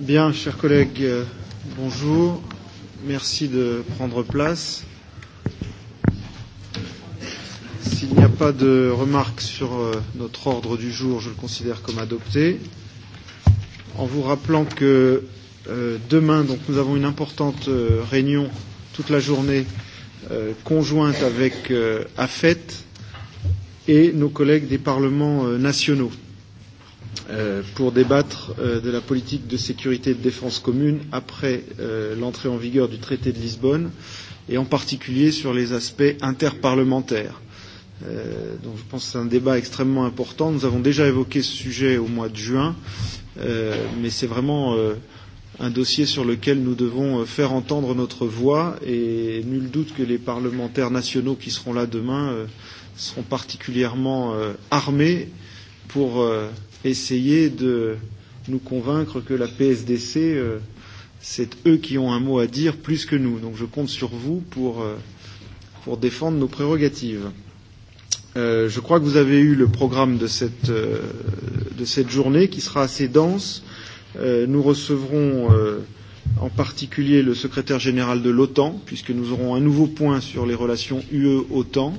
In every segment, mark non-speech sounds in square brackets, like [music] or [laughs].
Bien, chers collègues, euh, bonjour. Merci de prendre place. S'il n'y a pas de remarques sur euh, notre ordre du jour, je le considère comme adopté. En vous rappelant que euh, demain, donc, nous avons une importante euh, réunion toute la journée euh, conjointe avec euh, AFET et nos collègues des parlements euh, nationaux. Euh, pour débattre euh, de la politique de sécurité et de défense commune après euh, l'entrée en vigueur du traité de Lisbonne et en particulier sur les aspects interparlementaires. Euh, donc je pense que c'est un débat extrêmement important. Nous avons déjà évoqué ce sujet au mois de juin, euh, mais c'est vraiment euh, un dossier sur lequel nous devons euh, faire entendre notre voix et nul doute que les parlementaires nationaux qui seront là demain euh, seront particulièrement euh, armés pour euh, essayer de nous convaincre que la PSDC, euh, c'est eux qui ont un mot à dire plus que nous. Donc je compte sur vous pour, euh, pour défendre nos prérogatives. Euh, je crois que vous avez eu le programme de cette, euh, de cette journée qui sera assez dense. Euh, nous recevrons euh, en particulier le secrétaire général de l'OTAN, puisque nous aurons un nouveau point sur les relations UE-OTAN. Euh,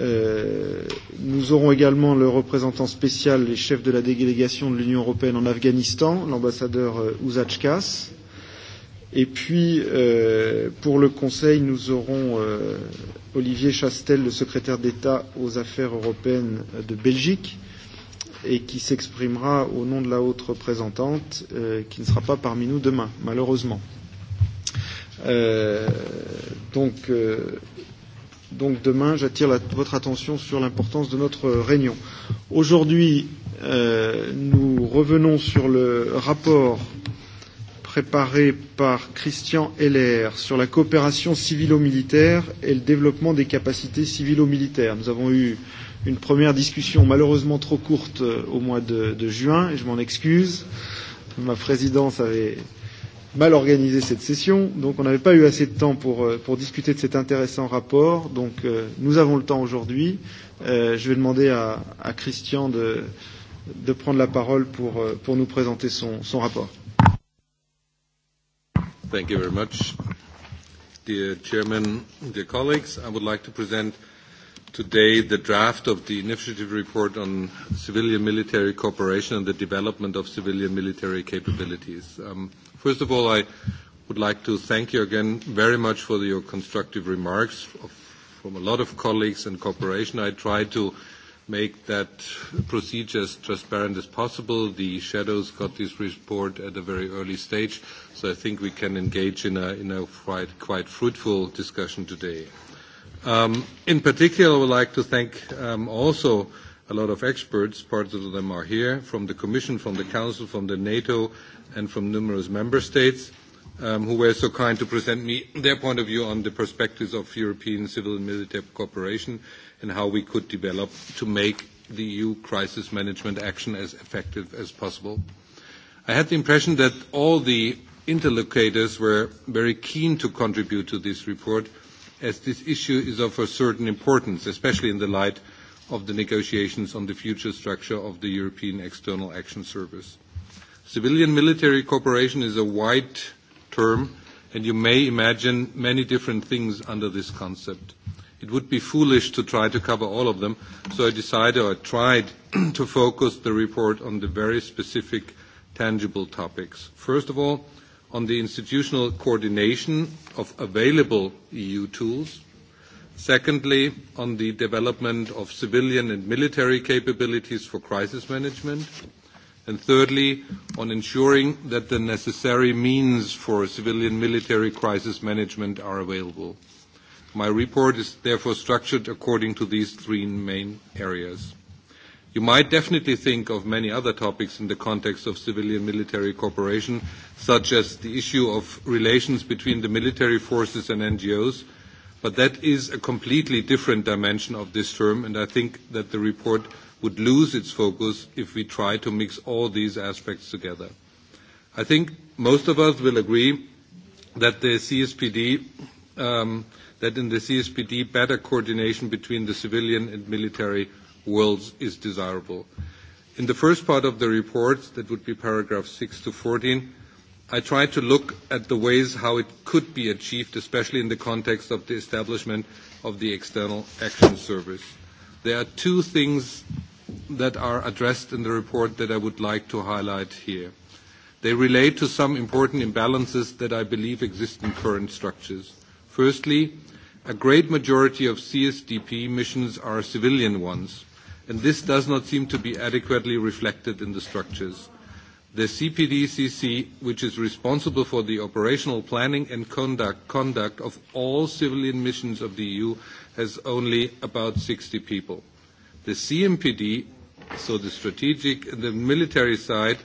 Euh, nous aurons également le représentant spécial et chef de la délégation de l'Union européenne en Afghanistan, l'ambassadeur Ouzachkas. Euh, et puis, euh, pour le Conseil, nous aurons euh, Olivier Chastel, le secrétaire d'État aux affaires européennes de Belgique, et qui s'exprimera au nom de la haute représentante, euh, qui ne sera pas parmi nous demain, malheureusement. Euh, donc, euh, Donc demain, j'attire votre attention sur l'importance de notre réunion. Aujourd'hui, euh, nous revenons sur le rapport préparé par Christian Heller sur la coopération civilo-militaire et le développement des capacités civilo-militaires. Nous avons eu une première discussion malheureusement trop courte euh, au mois de, de juin, et je m'en excuse. Ma présidence avait mal organisé cette session, donc on n'avait pas eu assez de temps pour, euh, pour discuter de cet intéressant rapport. Donc euh, nous avons le temps aujourd'hui. Euh, je vais demander à, à Christian de, de prendre la parole pour, euh, pour nous présenter son, son rapport. Thank you very much. Dear Chairman, dear colleagues, I would like to present today the draft of the initiative report on civilian military cooperation and the development of civilian military capabilities. Um, First of all, I would like to thank you again very much for your constructive remarks from a lot of colleagues and cooperation. I tried to make that procedure as transparent as possible. The shadows got this report at a very early stage, so I think we can engage in a, in a quite, quite fruitful discussion today. Um, in particular, I would like to thank um, also a lot of experts, part of them are here, from the Commission, from the Council, from the NATO, and from numerous member states, um, who were so kind to present me their point of view on the perspectives of European civil and military cooperation and how we could develop to make the EU crisis management action as effective as possible. I had the impression that all the interlocutors were very keen to contribute to this report, as this issue is of a certain importance, especially in the light of the negotiations on the future structure of the European External Action Service. Civilian military cooperation is a wide term, and you may imagine many different things under this concept. It would be foolish to try to cover all of them, so I decided or I tried [clears throat] to focus the report on the very specific tangible topics. First of all, on the institutional coordination of available EU tools, Secondly, on the development of civilian and military capabilities for crisis management. And thirdly, on ensuring that the necessary means for civilian military crisis management are available. My report is therefore structured according to these three main areas. You might definitely think of many other topics in the context of civilian military cooperation, such as the issue of relations between the military forces and NGOs, But that is a completely different dimension of this term, and I think that the report would lose its focus if we try to mix all these aspects together. I think most of us will agree that the CSPD, um, that in the CSPD, better coordination between the civilian and military worlds is desirable. In the first part of the report, that would be paragraph 6 to 14, I tried to look at the ways how it could be achieved, especially in the context of the establishment of the External Action Service. There are two things that are addressed in the report that I would like to highlight here. They relate to some important imbalances that I believe exist in current structures. Firstly, a great majority of CSDP missions are civilian ones, and this does not seem to be adequately reflected in the structures. The CPDCC, which is responsible for the operational planning and conduct, conduct of all civilian missions of the EU, has only about 60 people. The CMPD, so the strategic and the military side,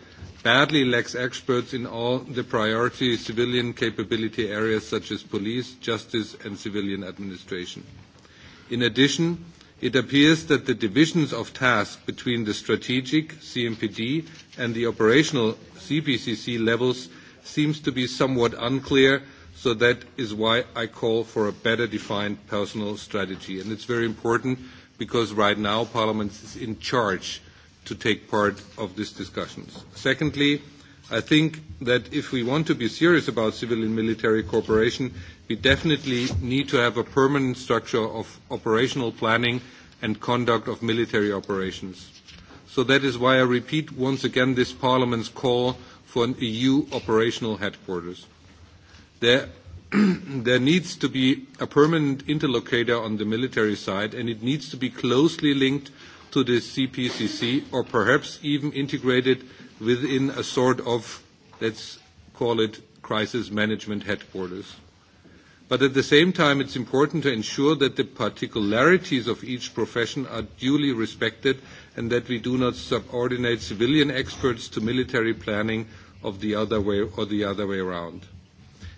badly lacks experts in all the priority civilian capability areas such as police, justice and civilian administration. In addition, it appears that the divisions of tasks between the strategic, CMPD, and the operational CPCC levels seems to be somewhat unclear, so that is why I call for a better defined personal strategy. And it's very important because right now Parliament is in charge to take part of these discussions. Secondly, I think that if we want to be serious about civil and military cooperation, we definitely need to have a permanent structure of operational planning and conduct of military operations. So that is why I repeat once again this Parliament's call for an EU operational headquarters. There, [clears throat] there needs to be a permanent interlocutor on the military side, and it needs to be closely linked to the CPCC or perhaps even integrated within a sort of, let's call it, crisis management headquarters. But at the same time, it's important to ensure that the particularities of each profession are duly respected and that we do not subordinate civilian experts to military planning of the other way, or the other way around.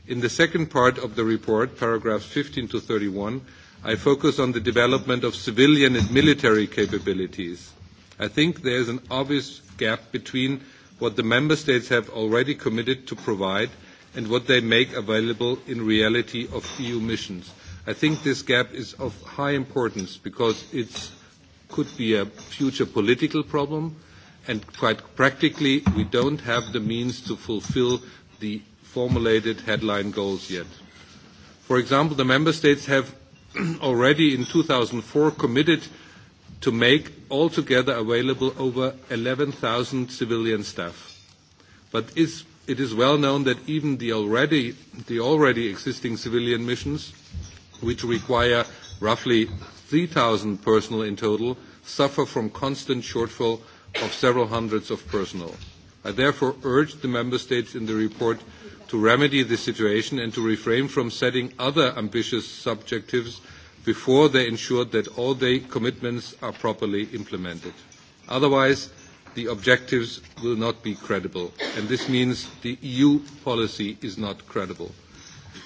In the second part of the report, paragraphs 15 to 31, I focus on the development of civilian and military capabilities. I think there is an obvious gap between what the member states have already committed to provide – and what they make available in reality of EU missions. I think this gap is of high importance because it could be a future political problem, and quite practically, we don't have the means to fulfill the formulated headline goals yet. For example, the member states have [clears throat] already in 2004 committed to make altogether available over 11,000 civilian staff. But is it is well known that even the already, the already existing civilian missions, which require roughly 3,000 personnel in total, suffer from constant shortfall of several hundreds of personnel. I therefore urge the Member States in the report to remedy this situation and to refrain from setting other ambitious objectives before they ensure that all their commitments are properly implemented. Otherwise, the objectives will not be credible. And this means the EU policy is not credible.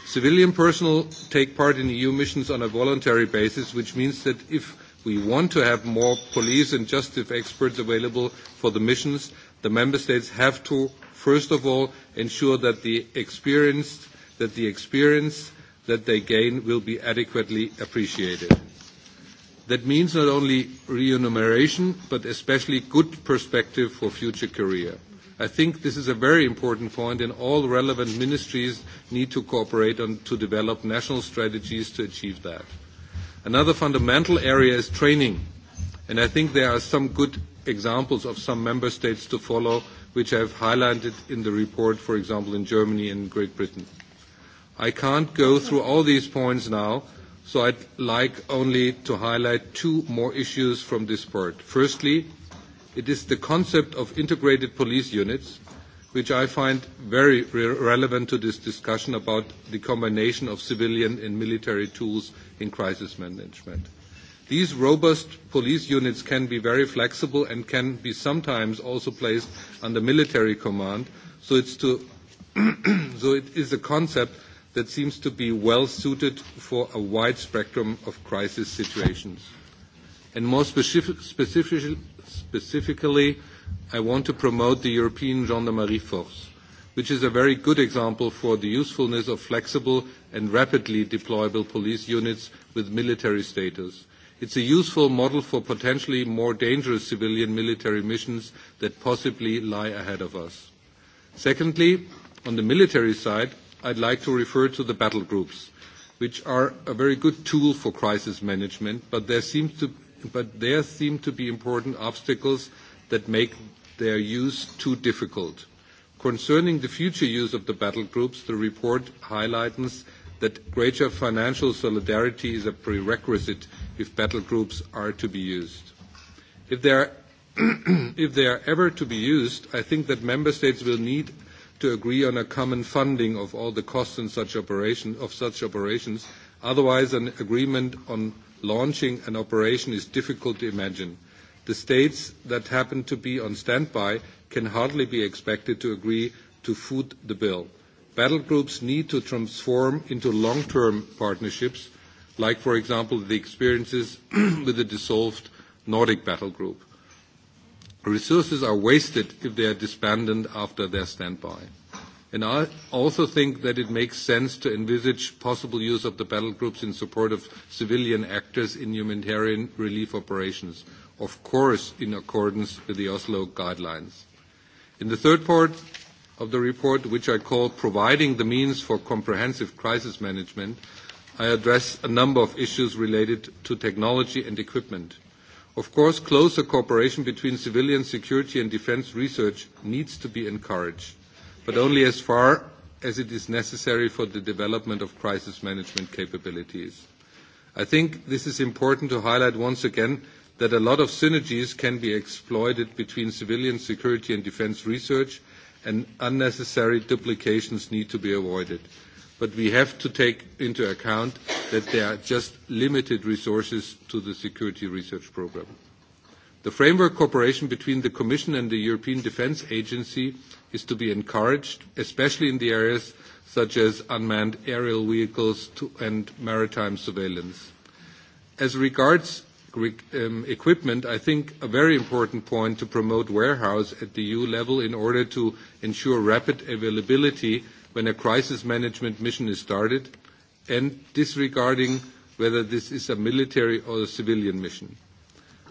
Civilian personnel take part in EU missions on a voluntary basis, which means that if we want to have more police and justice experts available for the missions, the member states have to, first of all, ensure that the experience that the experience that they gain will be adequately appreciated. That means not only remuneration, but especially good perspective for future career. I think this is a very important point, and all relevant ministries need to cooperate on, to develop national strategies to achieve that. Another fundamental area is training, and I think there are some good examples of some member states to follow, which I have highlighted in the report, for example, in Germany and Great Britain. I can't go through all these points now, so I'd like only to highlight two more issues from this part. Firstly, it is the concept of integrated police units, which I find very re relevant to this discussion about the combination of civilian and military tools in crisis management. These robust police units can be very flexible and can be sometimes also placed under military command, so, it's to [clears throat] so it is a concept that seems to be well suited for a wide spectrum of crisis situations. And more specific, specific, specifically, I want to promote the European Gendarmerie Force, which is a very good example for the usefulness of flexible and rapidly deployable police units with military status. It's a useful model for potentially more dangerous civilian military missions that possibly lie ahead of us. Secondly, on the military side, I'd like to refer to the battle groups, which are a very good tool for crisis management, but there, seem to be important obstacles that make their use too difficult. Concerning the future use of the battle groups, the report highlights that greater financial solidarity is a prerequisite if battle groups are to be used. if they are [clears throat] ever to be used, I think that member states will need to agree on a common funding of all the costs in such operation, of such operations. Otherwise, an agreement on launching an operation is difficult to imagine. The states that happen to be on standby can hardly be expected to agree to foot the bill. Battle groups need to transform into long-term partnerships, like, for example, the experiences [clears throat] with the dissolved Nordic battle group. Resources are wasted if they are disbanded after their standby. And I also think that it makes sense to envisage possible use of the battle groups in support of civilian actors in humanitarian relief operations, of course in accordance with the Oslo guidelines. In the third part of the report, which I call Providing the Means for Comprehensive Crisis Management, I address a number of issues related to technology and equipment. Of course, closer cooperation between civilian security and defense research needs to be encouraged, but only as far as it is necessary for the development of crisis management capabilities. I think this is important to highlight once again that a lot of synergies can be exploited between civilian security and defense research, and unnecessary duplications need to be avoided but we have to take into account that there are just limited resources to the security research program. The framework cooperation between the Commission and the European Defence Agency is to be encouraged, especially in the areas such as unmanned aerial vehicles to, and maritime surveillance. As regards um, equipment, I think a very important point to promote warehouse at the EU level in order to ensure rapid availability when a crisis management mission is started and disregarding whether this is a military or a civilian mission.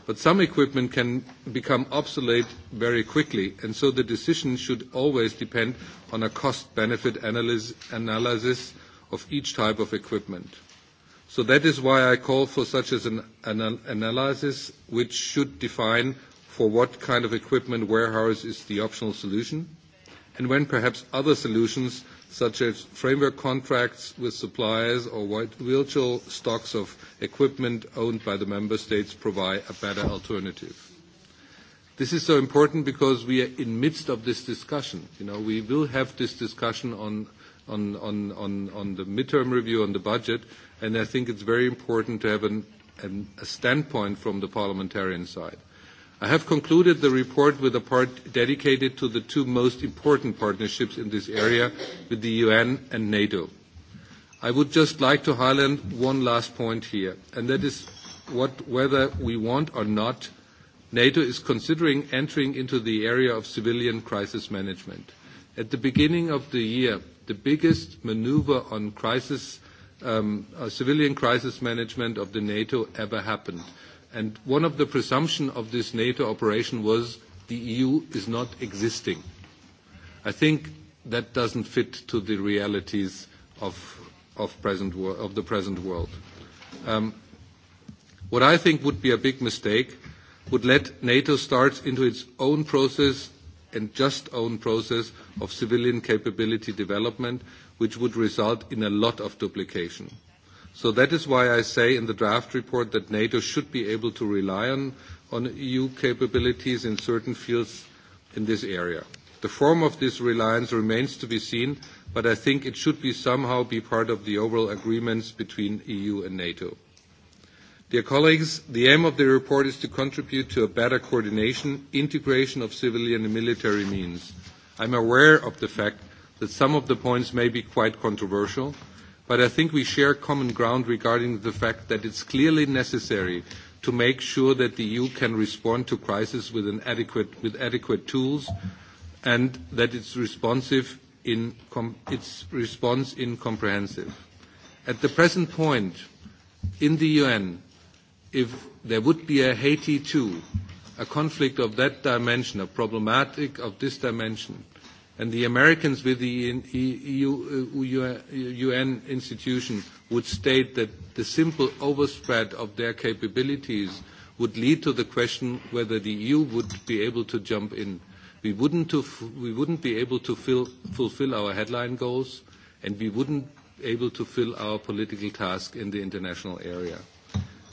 But some equipment can become obsolete very quickly, and so the decision should always depend on a cost-benefit analysis of each type of equipment. So That is why I call for such as an, an analysis which should define for what kind of equipment warehouse is the optional solution, and when perhaps other solutions such as framework contracts with suppliers or virtual stocks of equipment owned by the member states provide a better alternative. This is so important because we are in midst of this discussion. You know, we will have this discussion on, on, on, on, on the midterm review on the budget, and I think it's very important to have an, an, a standpoint from the parliamentarian side. I have concluded the report with a part dedicated to the two most important partnerships in this area with the UN and NATO. I would just like to highlight one last point here, and that is what, whether we want or not, NATO is considering entering into the area of civilian crisis management. At the beginning of the year, the biggest maneuver on crisis, um, uh, civilian crisis management of the NATO ever happened. And one of the presumption of this NATO operation was the EU is not existing. I think that doesn't fit to the realities of, of, present of the present world. Um, what I think would be a big mistake would let NATO start into its own process and just own process of civilian capability development, which would result in a lot of duplication. So that is why I say in the draft report that NATO should be able to rely on, on EU capabilities in certain fields in this area. The form of this reliance remains to be seen, but I think it should be somehow be part of the overall agreements between EU and NATO. Dear colleagues, the aim of the report is to contribute to a better coordination, integration of civilian and military means. I'm aware of the fact that some of the points may be quite controversial, but I think we share common ground regarding the fact that it's clearly necessary to make sure that the EU can respond to crisis with, an adequate, with adequate tools and that it's, responsive in com, its response in comprehensive. At the present point, in the UN, if there would be a Haiti too, a conflict of that dimension, a problematic of this dimension, and the Americans with the EU, UN uh, institution would state that the simple overspread of their capabilities would lead to the question whether the EU would be able to jump in. We wouldn't, to, we wouldn't be able to fill, fulfill our headline goals, and we wouldn't be able to fill our political task in the international area.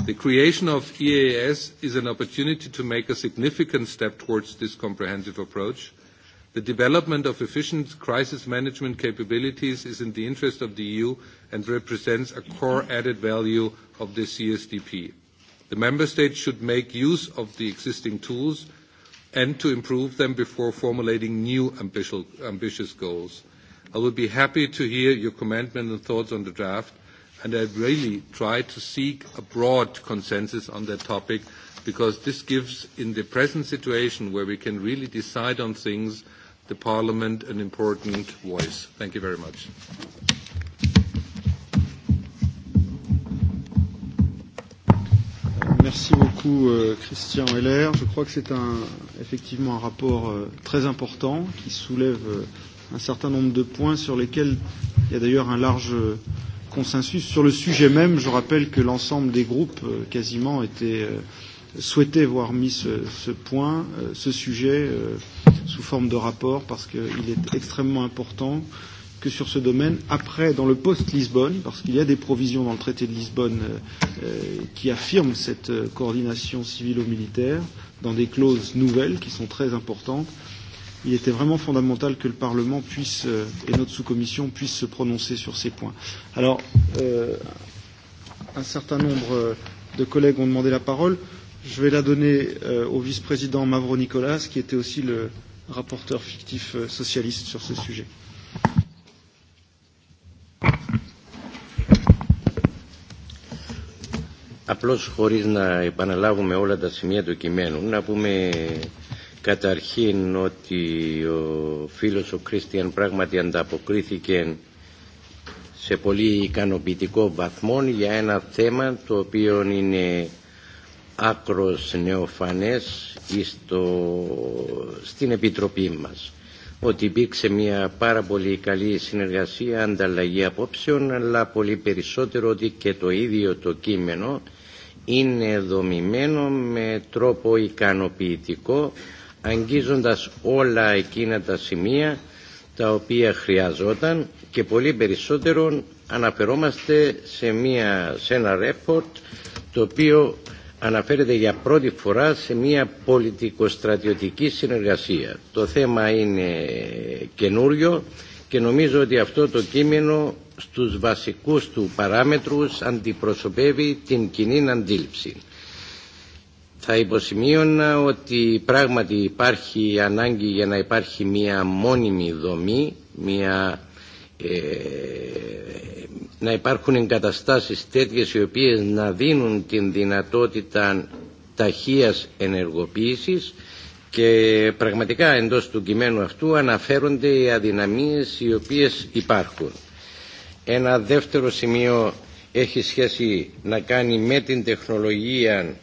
The creation of EAS is an opportunity to make a significant step towards this comprehensive approach, The development of efficient crisis management capabilities is in the interest of the EU and represents a core added value of the CSDP. The member states should make use of the existing tools and to improve them before formulating new ambitious goals. I will be happy to hear your comments and thoughts on the draft and I really try to seek a broad consensus on that topic because this gives, in the present situation where we can really decide on things, the Parliament an important voice. Thank you very much. Merci beaucoup euh, Christian Heller. Je crois que c'est un, effectivement un rapport euh, très important qui soulève euh, un certain nombre de points sur lesquels il y a d'ailleurs un large euh, consensus sur le sujet même. Je rappelle que l'ensemble des groupes euh, quasiment étaient euh, souhaitaient voir mis ce, ce point, euh, ce sujet euh, sous forme de rapport parce qu'il est extrêmement important que sur ce domaine, après, dans le post-Lisbonne, parce qu'il y a des provisions dans le traité de Lisbonne euh, euh qui affirment cette euh, coordination civilo-militaire, dans des clauses nouvelles qui sont très importantes, euh, il était vraiment fondamental que le Parlement puisse euh, et notre sous-commission puisse se prononcer sur ces points. Alors, euh, un certain nombre euh, de collègues ont demandé la parole. Je vais la donner euh, au vice-président Mavro Nicolas, qui était aussi le rapporteur fictif euh, socialiste sur ce sujet. Απλώς χωρίς να επαναλάβουμε όλα τα σημεία του κειμένου, να πούμε καταρχήν ότι ο φίλος ο Κρίστιαν πράγματι ανταποκρίθηκε σε πολύ ικανοποιητικό βαθμό για ένα θέμα το οποίο είναι άκρος νεοφανές στο, στην Επιτροπή μας ότι υπήρξε μια πάρα πολύ καλή συνεργασία, ανταλλαγή απόψεων, αλλά πολύ περισσότερο ότι και το ίδιο το κείμενο είναι δομημένο με τρόπο ικανοποιητικό αγγίζοντας όλα εκείνα τα σημεία τα οποία χρειαζόταν και πολύ περισσότερο αναφερόμαστε σε, μια, σε ένα ρέπορτ το οποίο αναφέρεται για πρώτη φορά σε μια πολιτικοστρατιωτική συνεργασία. Το θέμα είναι καινούριο και νομίζω ότι αυτό το κείμενο στους βασικούς του παράμετρους αντιπροσωπεύει την κοινή αντίληψη. Θα υποσημείωνα ότι πράγματι υπάρχει ανάγκη για να υπάρχει μία μόνιμη δομή, μια, ε, να υπάρχουν εγκαταστάσεις τέτοιες οι οποίες να δίνουν την δυνατότητα ταχείας ενεργοποίησης και πραγματικά εντός του κειμένου αυτού αναφέρονται οι αδυναμίες οι οποίες υπάρχουν. Ένα δεύτερο σημείο έχει σχέση να κάνει με την τεχνολογία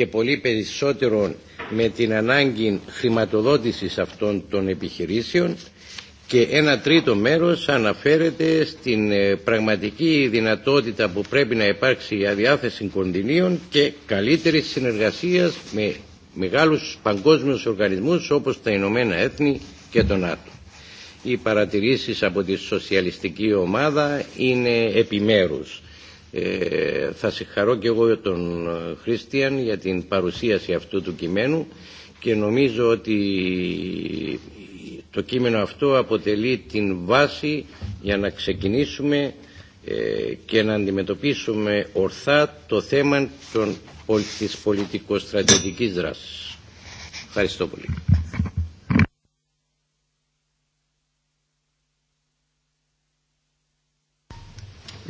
και πολύ περισσότερο με την ανάγκη χρηματοδότησης αυτών των επιχειρήσεων και ένα τρίτο μέρος αναφέρεται στην πραγματική δυνατότητα που πρέπει να υπάρξει για διάθεση κονδυλίων και καλύτερη συνεργασία με μεγάλους παγκόσμιους οργανισμούς όπως τα Ηνωμένα Έθνη και τον ΝΑΤΟ. Οι παρατηρήσεις από τη σοσιαλιστική ομάδα είναι επιμέρους. Ε, θα συγχαρώ και εγώ τον Χριστιαν για την παρουσίαση αυτού του κειμένου και νομίζω ότι το κείμενο αυτό αποτελεί την βάση για να ξεκινήσουμε ε, και να αντιμετωπίσουμε ορθά το θέμα των, της πολιτικοστρατηγικής δράσης. Ευχαριστώ πολύ.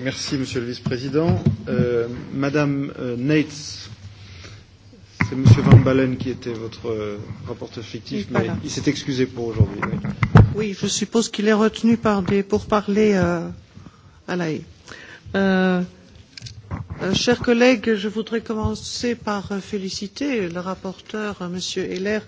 Merci, Monsieur le Vice-président. Euh, Madame euh, Nates, c'est Monsieur Van Balen qui était votre euh, rapporteur fictif, mais voilà. il s'est excusé pour aujourd'hui. Oui. oui, je suppose qu'il est retenu par des, pour parler euh, à la haie. Euh, euh, chers collègues, je voudrais commencer par euh, féliciter le rapporteur, euh, Monsieur Heller,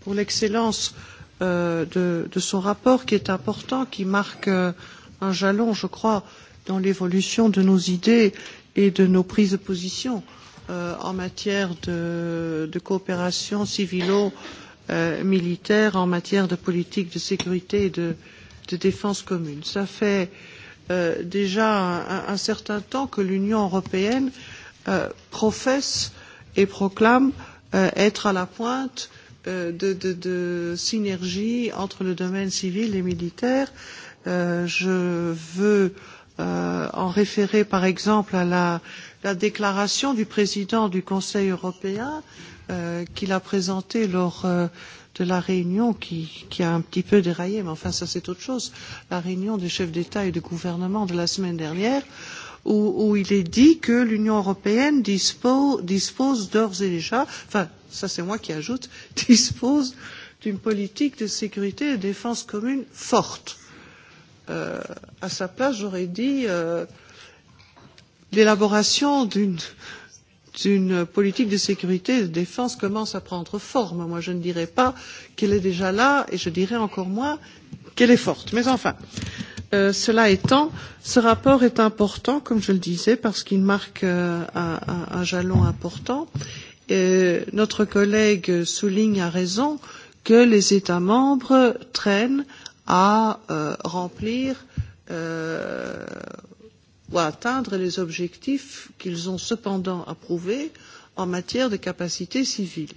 pour l'excellence euh, de, de son rapport qui est important, qui marque euh, un jalon, je crois, euh, dans l'évolution de nos idées et de nos prises de position euh, en matière de, de coopération civilo-militaire, euh, en matière de politique de sécurité et de, de défense commune. Ça fait euh, déjà un, un certain temps que l'Union européenne euh, professe et proclame euh, être à la pointe euh, de, de, de synergie entre le domaine civil et militaire. Euh, je veux euh, euh, en référer par exemple à la, la déclaration du président du Conseil européen euh, qu'il a présentée lors euh, de la réunion qui, qui a un petit peu déraillé, mais enfin ça c'est autre chose, la réunion des chefs d'État et de gouvernement de la semaine dernière, où, où il est dit que l'Union européenne dispose, dispose d'ores et déjà, enfin ça c'est moi qui ajoute, [laughs] dispose d'une politique de sécurité et de défense commune forte euh, à sa place, j'aurais dit euh, l'élaboration d'une une politique de sécurité et de défense commence à prendre forme. Moi, je ne dirais pas qu'elle est déjà là et je dirais encore moins qu'elle est forte. Mais enfin, euh, cela étant, ce rapport est important, comme je le disais, parce qu'il marque euh, un, un, un jalon important. Et notre collègue souligne à raison que les États membres traînent à euh, remplir euh, ou à atteindre les objectifs qu'ils ont cependant approuvés en matière de capacité civile.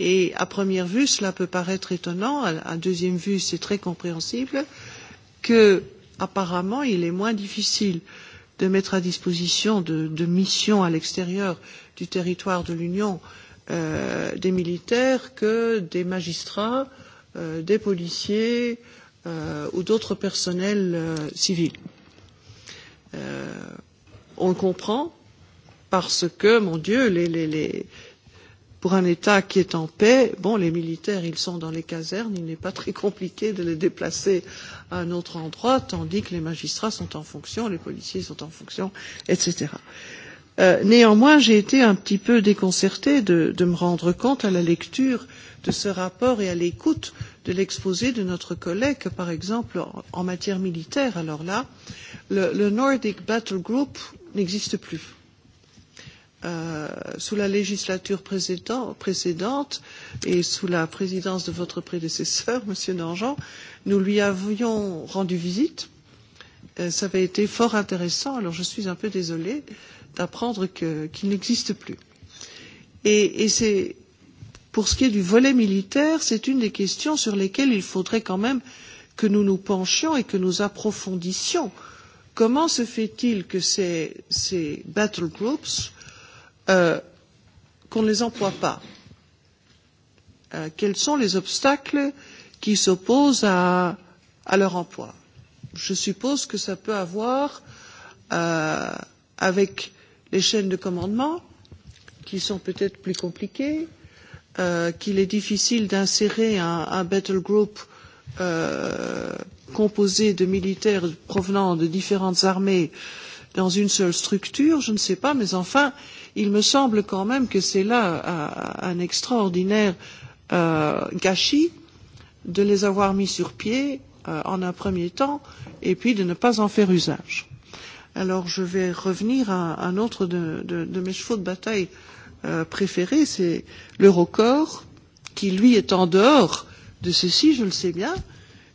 Et à première vue, cela peut paraître étonnant, à deuxième vue, c'est très compréhensible, que apparemment, il est moins difficile de mettre à disposition de, de missions à l'extérieur du territoire de l'Union euh, des militaires que des magistrats euh, euh, des policiers euh, ou d'autres personnels euh, civils. Euh, on comprend parce que, mon Dieu, les, les, les, pour un État qui est en paix, bon, les militaires, ils sont dans les casernes, il n'est pas très compliqué de les déplacer à un autre endroit, tandis que les magistrats sont en fonction, les policiers sont en fonction, etc. Euh, Euh, néanmoins, j'ai été un petit peu déconcertée de, de me rendre compte à la lecture de ce rapport et à l'écoute de l'exposé de notre collègue que, par exemple, en, en matière militaire, alors là, le, le Nordic Battle Group n'existe plus. Euh, sous la législature précédent, précédente et sous la présidence de votre prédécesseur, [laughs] M. Nangean, nous lui avions rendu visite. Euh, ça avait été fort intéressant. Alors je suis un peu désolée. Euh, d'apprendre qu'il qu n'existe plus. Et, et c'est pour ce qui est du volet militaire, c'est une des questions sur lesquelles il faudrait quand même que nous nous penchions et que nous approfondissions. Comment se fait-il que ces, ces battle groups, euh, qu'on ne les emploie pas euh, Quels sont les obstacles qui s'opposent à, à leur emploi Je suppose que ça peut avoir euh, avec euh, les chaînes de commandement, qui sont peut-être plus compliquées, euh, qu'il est difficile d'insérer un, un battle group euh, composé de militaires provenant de différentes armées dans une seule structure, je ne sais pas, mais enfin, il me semble quand même que c'est là un, un extraordinaire euh, gâchis de les avoir mis sur pied euh, en un premier temps et puis de ne pas en faire usage. Alors je vais revenir à un autre de, de, de mes chevaux de bataille euh, préférés, c'est l'Eurocorps, qui lui est en dehors de ceci, je le sais bien,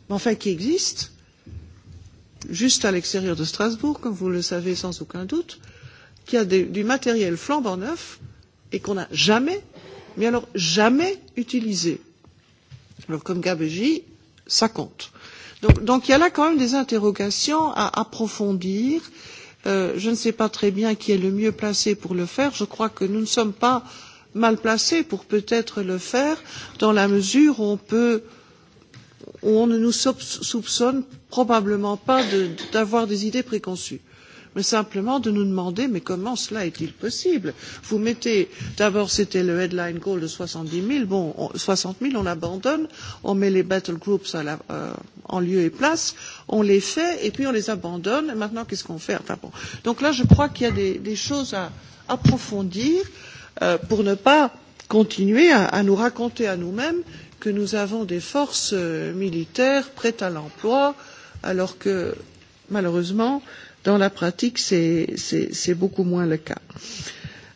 mais enfin qui existe, juste à l'extérieur de Strasbourg, comme vous le savez sans aucun doute, qui a des, du matériel flambant neuf et qu'on n'a jamais, mais alors jamais utilisé. Alors comme Gabégie, ça compte. Donc, donc il y a là quand même des interrogations à approfondir. Euh, je ne sais pas très bien qui est le mieux placé pour le faire. Je crois que nous ne sommes pas mal placés pour peut-être le faire dans la mesure où on peut où on ne nous soupçonne probablement pas d'avoir de, des idées préconçues mais simplement de nous demander mais comment cela est-il possible Vous mettez, d'abord c'était le headline goal de 70 000, bon, on, 60 000 on abandonne, on met les battle groups à la, euh, en lieu et place, on les fait et puis on les abandonne, et maintenant qu'est-ce qu'on fait enfin, bon. Donc là je crois qu'il y a des, des choses à approfondir euh, pour ne pas continuer à, à nous raconter à nous-mêmes que nous avons des forces euh, militaires prêtes à l'emploi, alors que malheureusement, Dans la pratique, c'est beaucoup moins le cas.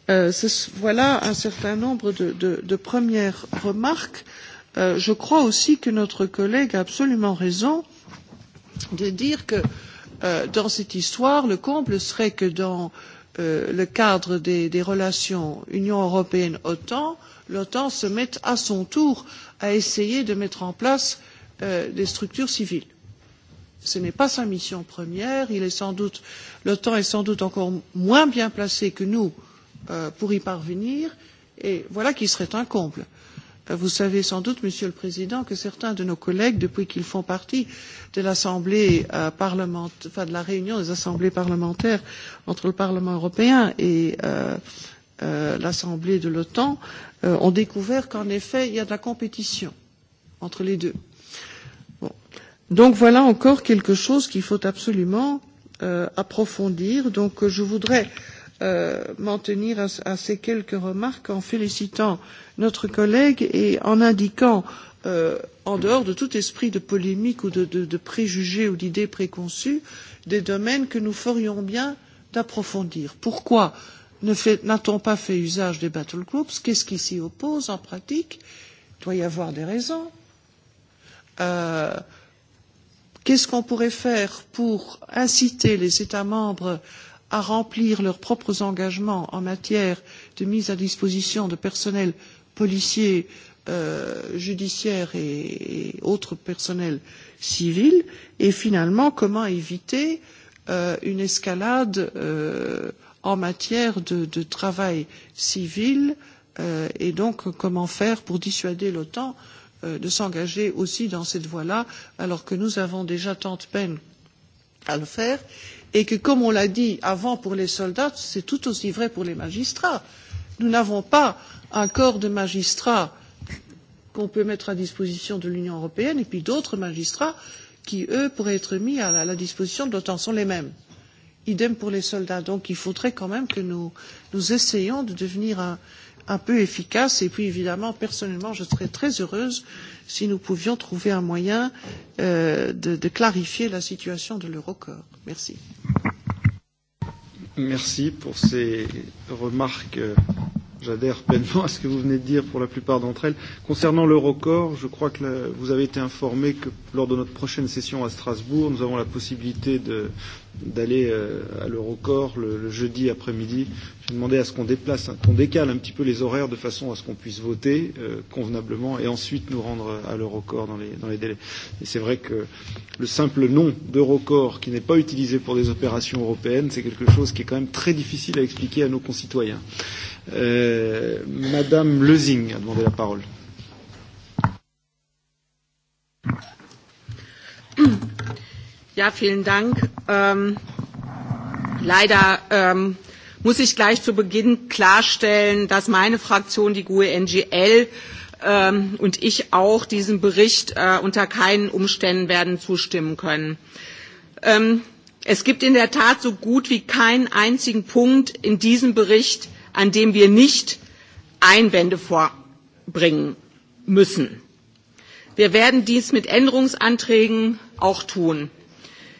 Euh, ce, voilà un certain nombre de, de, de premières remarques. Euh, je crois aussi que notre collègue a absolument raison de dire que euh, dans cette histoire, le comble serait que dans euh, le cadre des, des relations Union européenne-OTAN, l'OTAN se mette à son tour à essayer de mettre en place euh, des structures civiles ce n'est pas sa mission première. Il est sans doute, l'OTAN est sans doute encore moins bien placé que nous euh, pour y parvenir. Et voilà qui serait un comble. Euh, vous savez sans doute, Monsieur le Président, que certains de nos collègues, depuis qu'ils font partie de l'Assemblée euh, parlementaire, enfin de la réunion des assemblées parlementaires entre le Parlement européen et euh, euh, l'Assemblée de l'OTAN, euh, ont découvert qu'en effet, il y a de la compétition entre les deux. Bon. Euh, Donc voilà encore quelque chose qu'il faut absolument euh, approfondir. Donc je voudrais euh, m'en tenir à, à ces quelques remarques en félicitant notre collègue et en indiquant euh, en dehors de tout esprit de polémique ou de, de, de préjugés ou d'idées préconçues, des domaines que nous ferions bien d'approfondir. Pourquoi n'a-t-on pas fait usage des battle groups Qu'est-ce qui s'y oppose en pratique Il doit y avoir des raisons. Euh, Qu'est-ce qu'on pourrait faire pour inciter les États membres à remplir leurs propres engagements en matière de mise à disposition de personnel policier, euh, judiciaire et, et autres personnels civils Et finalement, comment éviter euh, une escalade euh, en matière de, de travail civil euh, et donc comment faire pour dissuader l'OTAN euh, Euh, de s'engager aussi dans cette voie là alors que nous avons déjà tant de peine à le faire et que comme on l'a dit avant pour les soldats c'est tout aussi vrai pour les magistrats nous n'avons pas un corps de magistrats qu'on peut mettre à disposition de l'Union européenne et puis d'autres magistrats qui, eux, pourraient être mis à la, disposition de l'OTAN sont les mêmes. Idem pour les soldats. Donc il faudrait quand même que nous, nous essayions de devenir un, un peu efficace. Et puis évidemment, personnellement, je serais très heureuse si nous pouvions trouver un moyen euh, de, de clarifier la situation de l'Eurocorps. Merci. Merci pour ces remarques euh, J'adhère pleinement à ce que vous venez de dire pour la plupart d'entre elles. Concernant l'Eurocorps, je crois que la, vous avez été informé que lors de notre prochaine session à Strasbourg, nous avons la possibilité d'aller euh, à l'Eurocorps le, le jeudi après-midi. J'ai demandé à ce qu'on déplace, qu'on décale un petit peu les horaires de façon à ce qu'on puisse voter euh, convenablement et ensuite nous rendre à l'Eurocorps dans les, dans les délais. Et c'est vrai que le simple nom d'Eurocorps qui n'est pas utilisé pour des opérations européennes, c'est quelque chose qui est quand même très difficile à expliquer à nos concitoyens. Euh, Madame Lezing a demandé la parole. Ja, vielen Dank. Ähm, leider ähm, muss ich gleich zu Beginn klarstellen, dass meine Fraktion, die GUE NGL, ähm, und ich auch diesem Bericht äh, unter keinen Umständen werden zustimmen können. Ähm, es gibt in der Tat so gut wie keinen einzigen Punkt in diesem Bericht, an dem wir nicht Einwände vorbringen müssen. Wir werden dies mit Änderungsanträgen auch tun.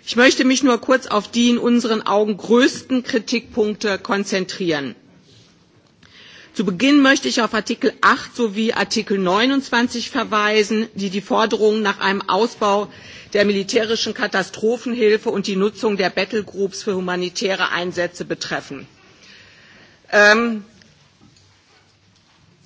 Ich möchte mich nur kurz auf die in unseren Augen größten Kritikpunkte konzentrieren. Zu Beginn möchte ich auf Artikel 8 sowie Artikel 29 verweisen, die die Forderungen nach einem Ausbau der militärischen Katastrophenhilfe und die Nutzung der Battlegroups für humanitäre Einsätze betreffen ähm,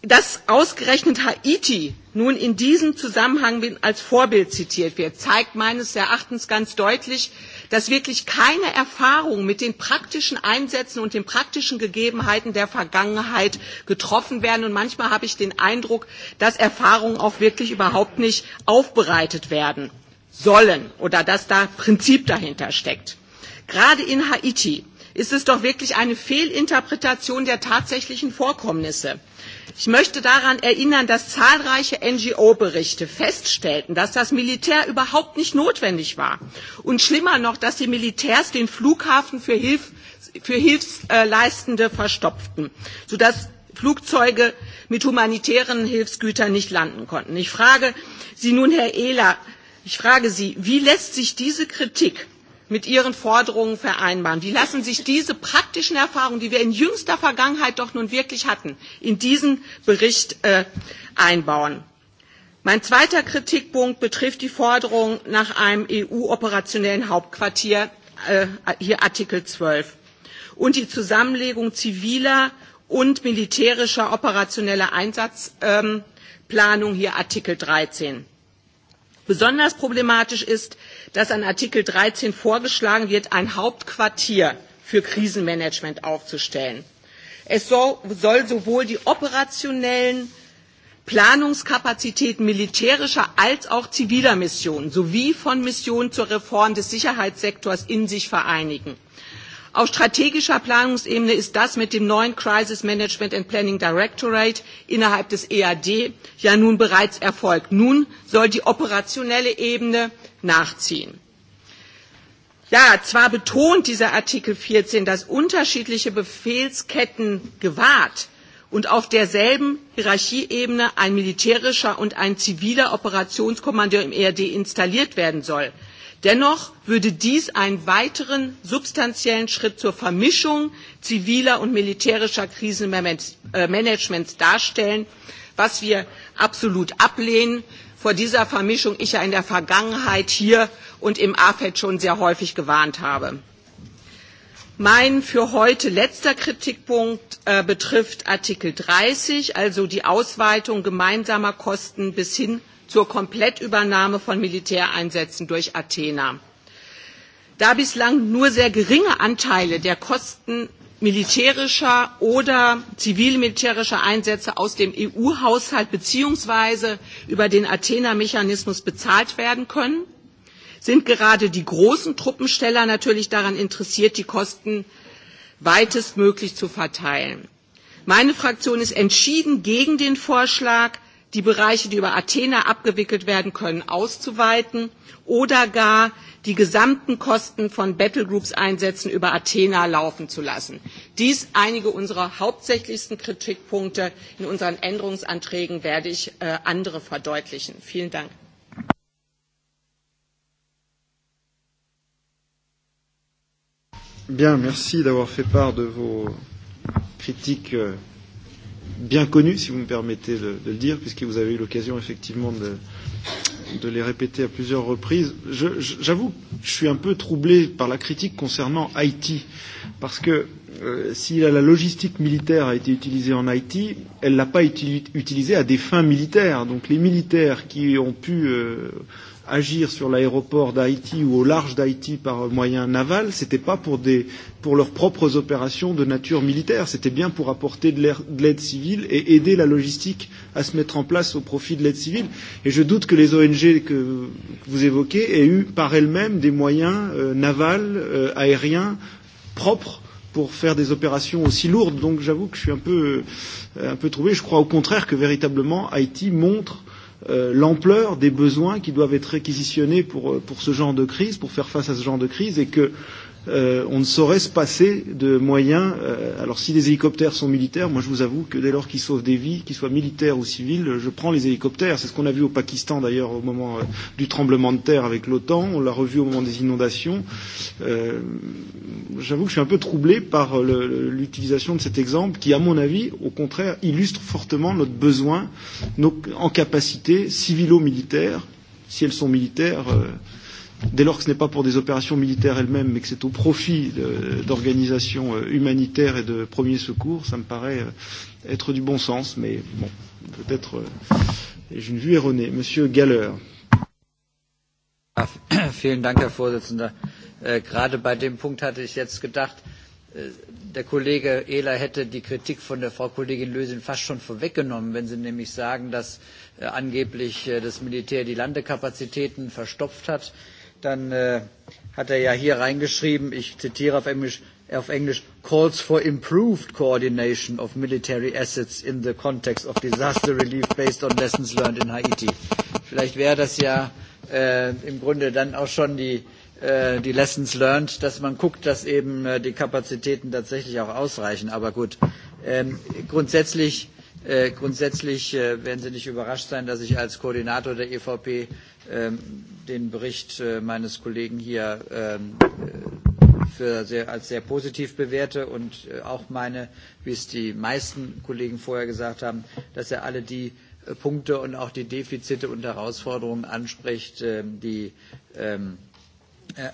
dass ausgerechnet Haiti nun in diesem Zusammenhang als Vorbild zitiert wird, zeigt meines Erachtens ganz deutlich, dass wirklich keine Erfahrung mit den praktischen Einsätzen und den praktischen Gegebenheiten der Vergangenheit getroffen werden. Und manchmal habe ich den Eindruck, dass Erfahrungen auch wirklich überhaupt nicht aufbereitet werden sollen oder dass da Prinzip dahinter steckt. Gerade in Haiti ist es doch wirklich eine Fehlinterpretation der tatsächlichen Vorkommnisse. Ich möchte daran erinnern, dass zahlreiche NGO-Berichte feststellten, dass das Militär überhaupt nicht notwendig war. Und schlimmer noch, dass die Militärs den Flughafen für, Hilf, für Hilfsleistende verstopften, sodass Flugzeuge mit humanitären Hilfsgütern nicht landen konnten. Ich frage Sie nun, Herr Ehler, ich frage Sie, wie lässt sich diese Kritik mit ihren Forderungen vereinbaren. Wie lassen sich diese praktischen Erfahrungen, die wir in jüngster Vergangenheit doch nun wirklich hatten, in diesen Bericht äh, einbauen? Mein zweiter Kritikpunkt betrifft die Forderung nach einem EU-operationellen Hauptquartier, äh, hier Artikel 12, und die Zusammenlegung ziviler und militärischer operationeller Einsatzplanung, ähm, hier Artikel 13. Besonders problematisch ist, dass an Artikel 13 vorgeschlagen wird, ein Hauptquartier für Krisenmanagement aufzustellen. Es soll, soll sowohl die operationellen Planungskapazitäten militärischer als auch ziviler Missionen sowie von Missionen zur Reform des Sicherheitssektors in sich vereinigen. Auf strategischer Planungsebene ist das mit dem neuen Crisis Management and Planning Directorate innerhalb des EAD ja nun bereits erfolgt. Nun soll die operationelle Ebene nachziehen. Ja, zwar betont dieser Artikel 14, dass unterschiedliche Befehlsketten gewahrt und auf derselben Hierarchieebene ein militärischer und ein ziviler Operationskommandeur im ERD installiert werden soll. Dennoch würde dies einen weiteren substanziellen Schritt zur Vermischung ziviler und militärischer Krisenmanagements äh, darstellen, was wir absolut ablehnen, vor dieser Vermischung ich ja in der Vergangenheit hier und im AFED schon sehr häufig gewarnt habe. Mein für heute letzter Kritikpunkt äh, betrifft Artikel 30, also die Ausweitung gemeinsamer Kosten bis hin zur Komplettübernahme von Militäreinsätzen durch Athena. Da bislang nur sehr geringe Anteile der Kosten militärischer oder zivilmilitärischer Einsätze aus dem EU-Haushalt beziehungsweise über den Athena-Mechanismus bezahlt werden können, sind gerade die großen Truppensteller natürlich daran interessiert, die Kosten weitestmöglich zu verteilen. Meine Fraktion ist entschieden gegen den Vorschlag, die Bereiche, die über Athena abgewickelt werden können, auszuweiten oder gar die gesamten Kosten von Battlegroups-Einsätzen über Athena laufen zu lassen. Dies einige unserer hauptsächlichsten Kritikpunkte. In unseren Änderungsanträgen werde ich äh, andere verdeutlichen. Vielen Dank. Bien, merci d'avoir fait part de vos critiques euh, bien connues, si vous me permettez de le dire, puisque vous avez eu l'occasion effectivement de, de les répéter à plusieurs reprises. J'avoue que je suis un peu troublé par la critique concernant Haïti, parce que euh, si la, la logistique militaire a été utilisée en Haïti, elle ne l'a pas uti utilisée à des fins militaires. Donc les militaires qui ont pu euh, agir sur l'aéroport d'Haïti ou au large d'Haïti par moyen naval, c'était pas pour, des, pour leurs propres opérations de nature militaire, c'était bien pour apporter de l'aide civile et aider la logistique à se mettre en place au profit de l'aide civile. Et je doute que les ONG que vous évoquez aient eu par elles-mêmes des moyens euh, navals, euh, aériens propres pour faire des opérations aussi lourdes. Donc j'avoue que je suis un peu, euh, un peu troublé. Je crois au contraire que véritablement Haïti montre euh, Euh, l'ampleur des besoins qui doivent être réquisitionnés pour, euh, pour ce genre de crise, pour faire face à ce genre de crise, et que euh, on ne saurait se passer de moyens. Euh, alors si les hélicoptères sont militaires, moi je vous avoue que dès lors qu'ils sauvent des vies, qu'ils soient militaires ou civils, je prends les hélicoptères. C'est ce qu'on a vu au Pakistan d'ailleurs au moment euh, du tremblement de terre avec l'OTAN, on l'a revu au moment des inondations. Euh, J'avoue que je suis un peu troublé par l'utilisation de cet exemple qui, à mon avis, au contraire, illustre fortement notre besoin, nos, en capacité civilo-militaire, si elles sont militaires. Euh, dès lors que ce n'est pas pour des opérations militaires elles-mêmes, mais que c'est au profit d'organisations euh, humanitaires et de premiers secours, ça me paraît euh, être du bon sens, mais bon, peut-être euh, j'ai une vue erronée. Monsieur Galler. Ah, [coughs] vielen Dank, Herr Vorsitzender. Äh, gerade bei dem Punkt hatte ich jetzt gedacht, äh, der Kollege Ehler hätte die Kritik von der Frau Kollegin Lösin fast schon vorweggenommen, wenn Sie nämlich sagen, dass äh, angeblich das Militär die Landekapazitäten verstopft hat dann äh, hat er ja hier reingeschrieben, ich zitiere auf Englisch, auf Englisch, calls for improved coordination of military assets in the context of disaster relief based on lessons learned in Haiti. Vielleicht wäre das ja äh, im Grunde dann auch schon die, äh, die Lessons learned, dass man guckt, dass eben äh, die Kapazitäten tatsächlich auch ausreichen. Aber gut, ähm, grundsätzlich äh, Äh, grundsätzlich äh, werden Sie nicht überrascht sein, dass ich als Koordinator der EVP ähm, den Bericht äh, meines Kollegen hier ähm, für sehr, als sehr positiv bewerte und auch meine, wie es die meisten Kollegen vorher gesagt haben, dass er alle die Punkte und auch die Defizite und Herausforderungen anspricht, ähm, die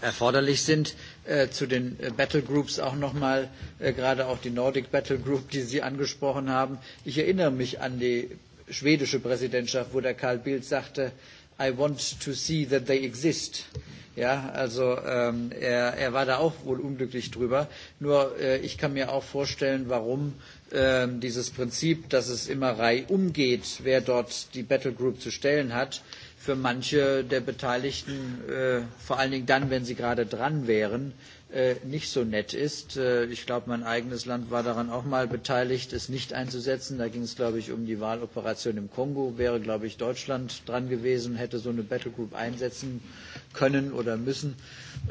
erforderlich sind. Äh, zu den äh, Battlegroups Groups auch nochmal, äh, gerade auch die Nordic Battlegroup, die Sie angesprochen haben. Ich erinnere mich an die schwedische Präsidentschaft, wo der Karl Bildt sagte, I want to see that they exist. Ja, also ähm, er, er war da auch wohl unglücklich drüber. Nur äh, ich kann mir auch vorstellen, warum äh, dieses Prinzip, dass es immer reihum geht, wer dort die Battlegroup zu stellen hat, für manche der Beteiligten, äh, vor allen Dingen dann, wenn sie gerade dran wären, äh, nicht so nett ist. Äh, ich glaube, mein eigenes Land war daran auch mal beteiligt, es nicht einzusetzen. Da ging es, glaube ich, um die Wahloperation im Kongo. Wäre, glaube ich, Deutschland dran gewesen, hätte so eine Battlegroup einsetzen können oder müssen.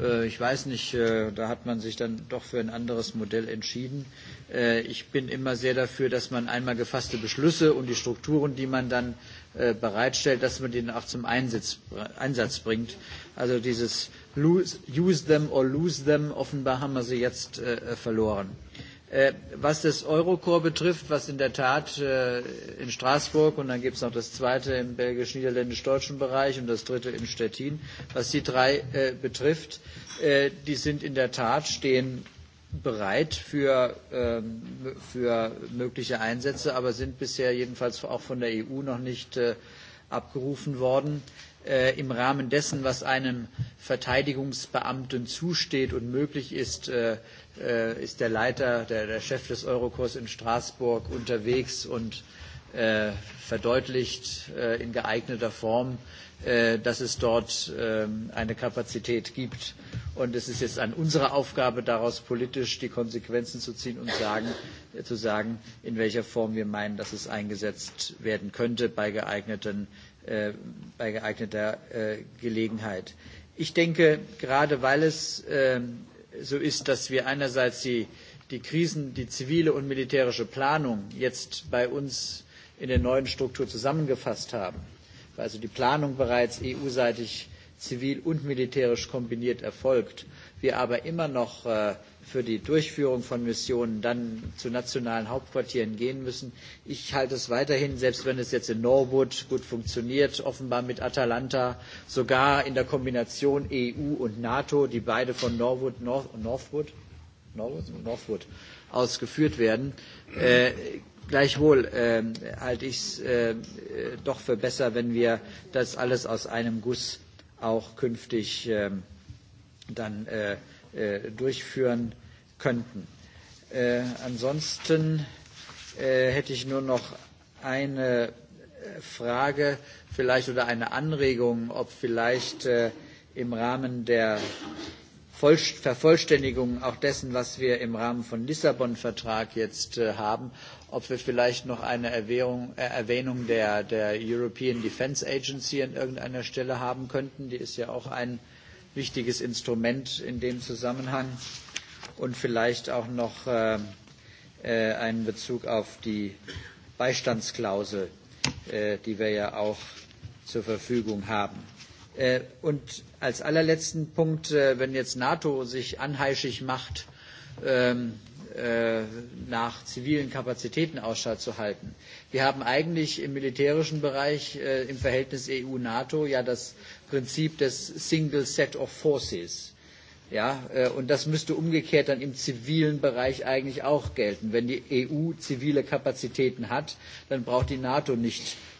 Äh, ich weiß nicht, äh, da hat man sich dann doch für ein anderes Modell entschieden. Äh, ich bin immer sehr dafür, dass man einmal gefasste Beschlüsse und die Strukturen, die man dann äh, Äh, bereitstellt, dass man den auch zum Einsatz, Einsatz bringt. Also dieses Use them or lose them, offenbar haben wir sie jetzt äh, verloren. Äh, was das Eurocorps betrifft, was in der Tat äh, in Straßburg und dann gibt es noch das zweite im belgisch-niederländisch-deutschen Bereich und das dritte in Stettin, was die drei betrifft, die sind in der Tat stehen bereit für, ähm, für mögliche Einsätze, aber sind bisher jedenfalls auch von der EU noch nicht äh, abgerufen worden. Äh, Im Rahmen dessen, was einem Verteidigungsbeamten zusteht und möglich ist, äh, äh, ist der Leiter, der, der Chef des Eurokorps in Straßburg unterwegs und äh, verdeutlicht äh, in geeigneter Form, Äh, dass es dort ähm, eine Kapazität gibt. Und es ist jetzt an unserer Aufgabe, daraus politisch die Konsequenzen zu ziehen und sagen, äh, zu sagen, in welcher Form wir meinen, dass es eingesetzt werden könnte bei, geeigneten, äh, bei geeigneter Gelegenheit. Ich denke, gerade weil es ähm, so ist, dass wir einerseits die, die Krisen, die zivile und militärische Planung jetzt bei uns in der neuen Struktur zusammengefasst haben, also die Planung bereits EU-seitig zivil und militärisch kombiniert erfolgt, wir aber immer noch äh, für die Durchführung von Missionen dann zu nationalen Hauptquartieren gehen müssen. Ich halte es weiterhin, selbst wenn es jetzt in Norwood gut funktioniert, offenbar mit Atalanta, sogar in der Kombination EU und NATO, die beide von Norwood, North, Northwood, Norwood, Northwood ausgeführt werden, äh, Gleichwohl äh, halte ich es ähm, äh, doch für besser, wenn wir das alles aus einem Guss auch künftig äh, dann äh, äh, durchführen könnten. Äh, ansonsten äh, hätte ich nur noch eine äh, Frage vielleicht oder eine Anregung, ob vielleicht äh, im Rahmen der Vervollständigung auch dessen, was wir im Rahmen von Lissabon-Vertrag jetzt äh, haben, ob wir vielleicht noch eine Erwähnung, äh, Erwähnung der, der European Defence Agency an irgendeiner Stelle haben könnten. Die ist ja auch ein wichtiges Instrument in dem Zusammenhang. Und vielleicht auch noch äh, äh, einen Bezug auf die Beistandsklausel, äh, die wir ja auch zur Verfügung haben. Äh, und als allerletzten Punkt, äh, wenn jetzt NATO sich anheischig macht, ähm, äh, nach zivilen Kapazitäten Ausschau zu halten. Wir haben eigentlich im militärischen Bereich äh, im Verhältnis EU-NATO ja das Prinzip des Single Set of Forces. Ja, äh, und das müsste umgekehrt dann im zivilen Bereich eigentlich auch gelten. Wenn die EU zivile Kapazitäten hat, dann braucht die NATO nicht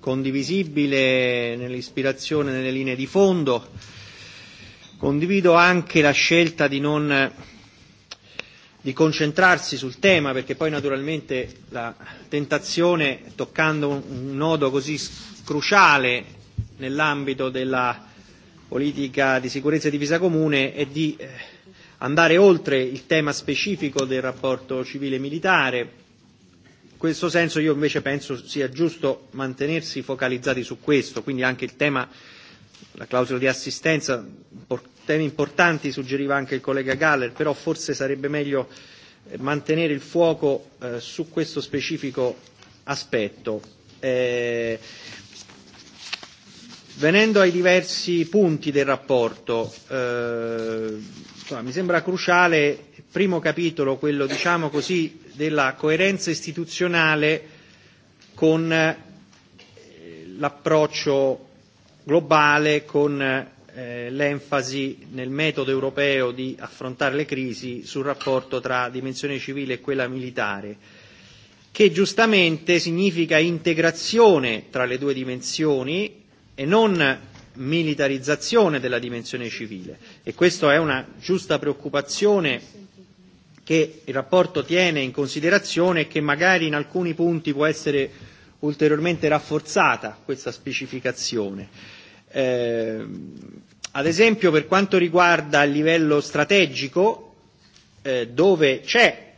condivisibile nell'ispirazione, nelle linee di fondo. Condivido anche la scelta di non di concentrarsi sul tema perché poi naturalmente la tentazione toccando un nodo così cruciale nell'ambito della politica di sicurezza e divisa comune è di eh, andare oltre il tema specifico del rapporto civile militare questo senso io invece penso sia giusto mantenersi focalizzati su questo, quindi anche il tema la clausola di assistenza, temi importanti suggeriva anche il collega Galler, però forse sarebbe meglio eh, mantenere il fuoco eh, su questo specifico aspetto. Eh, venendo ai diversi punti del rapporto, eh, insomma, mi sembra cruciale il primo capitolo, quello diciamo così della coerenza istituzionale con eh, l'approccio globale, con eh, l'enfasi nel metodo europeo di affrontare le crisi sul rapporto tra dimensione civile e quella militare, che giustamente significa integrazione tra le due dimensioni e non militarizzazione della dimensione civile. E questa è una giusta preoccupazione che il rapporto tiene in considerazione e che magari in alcuni punti può essere ulteriormente rafforzata questa specificazione. Eh, ad esempio per quanto riguarda il livello strategico, eh, dove c'è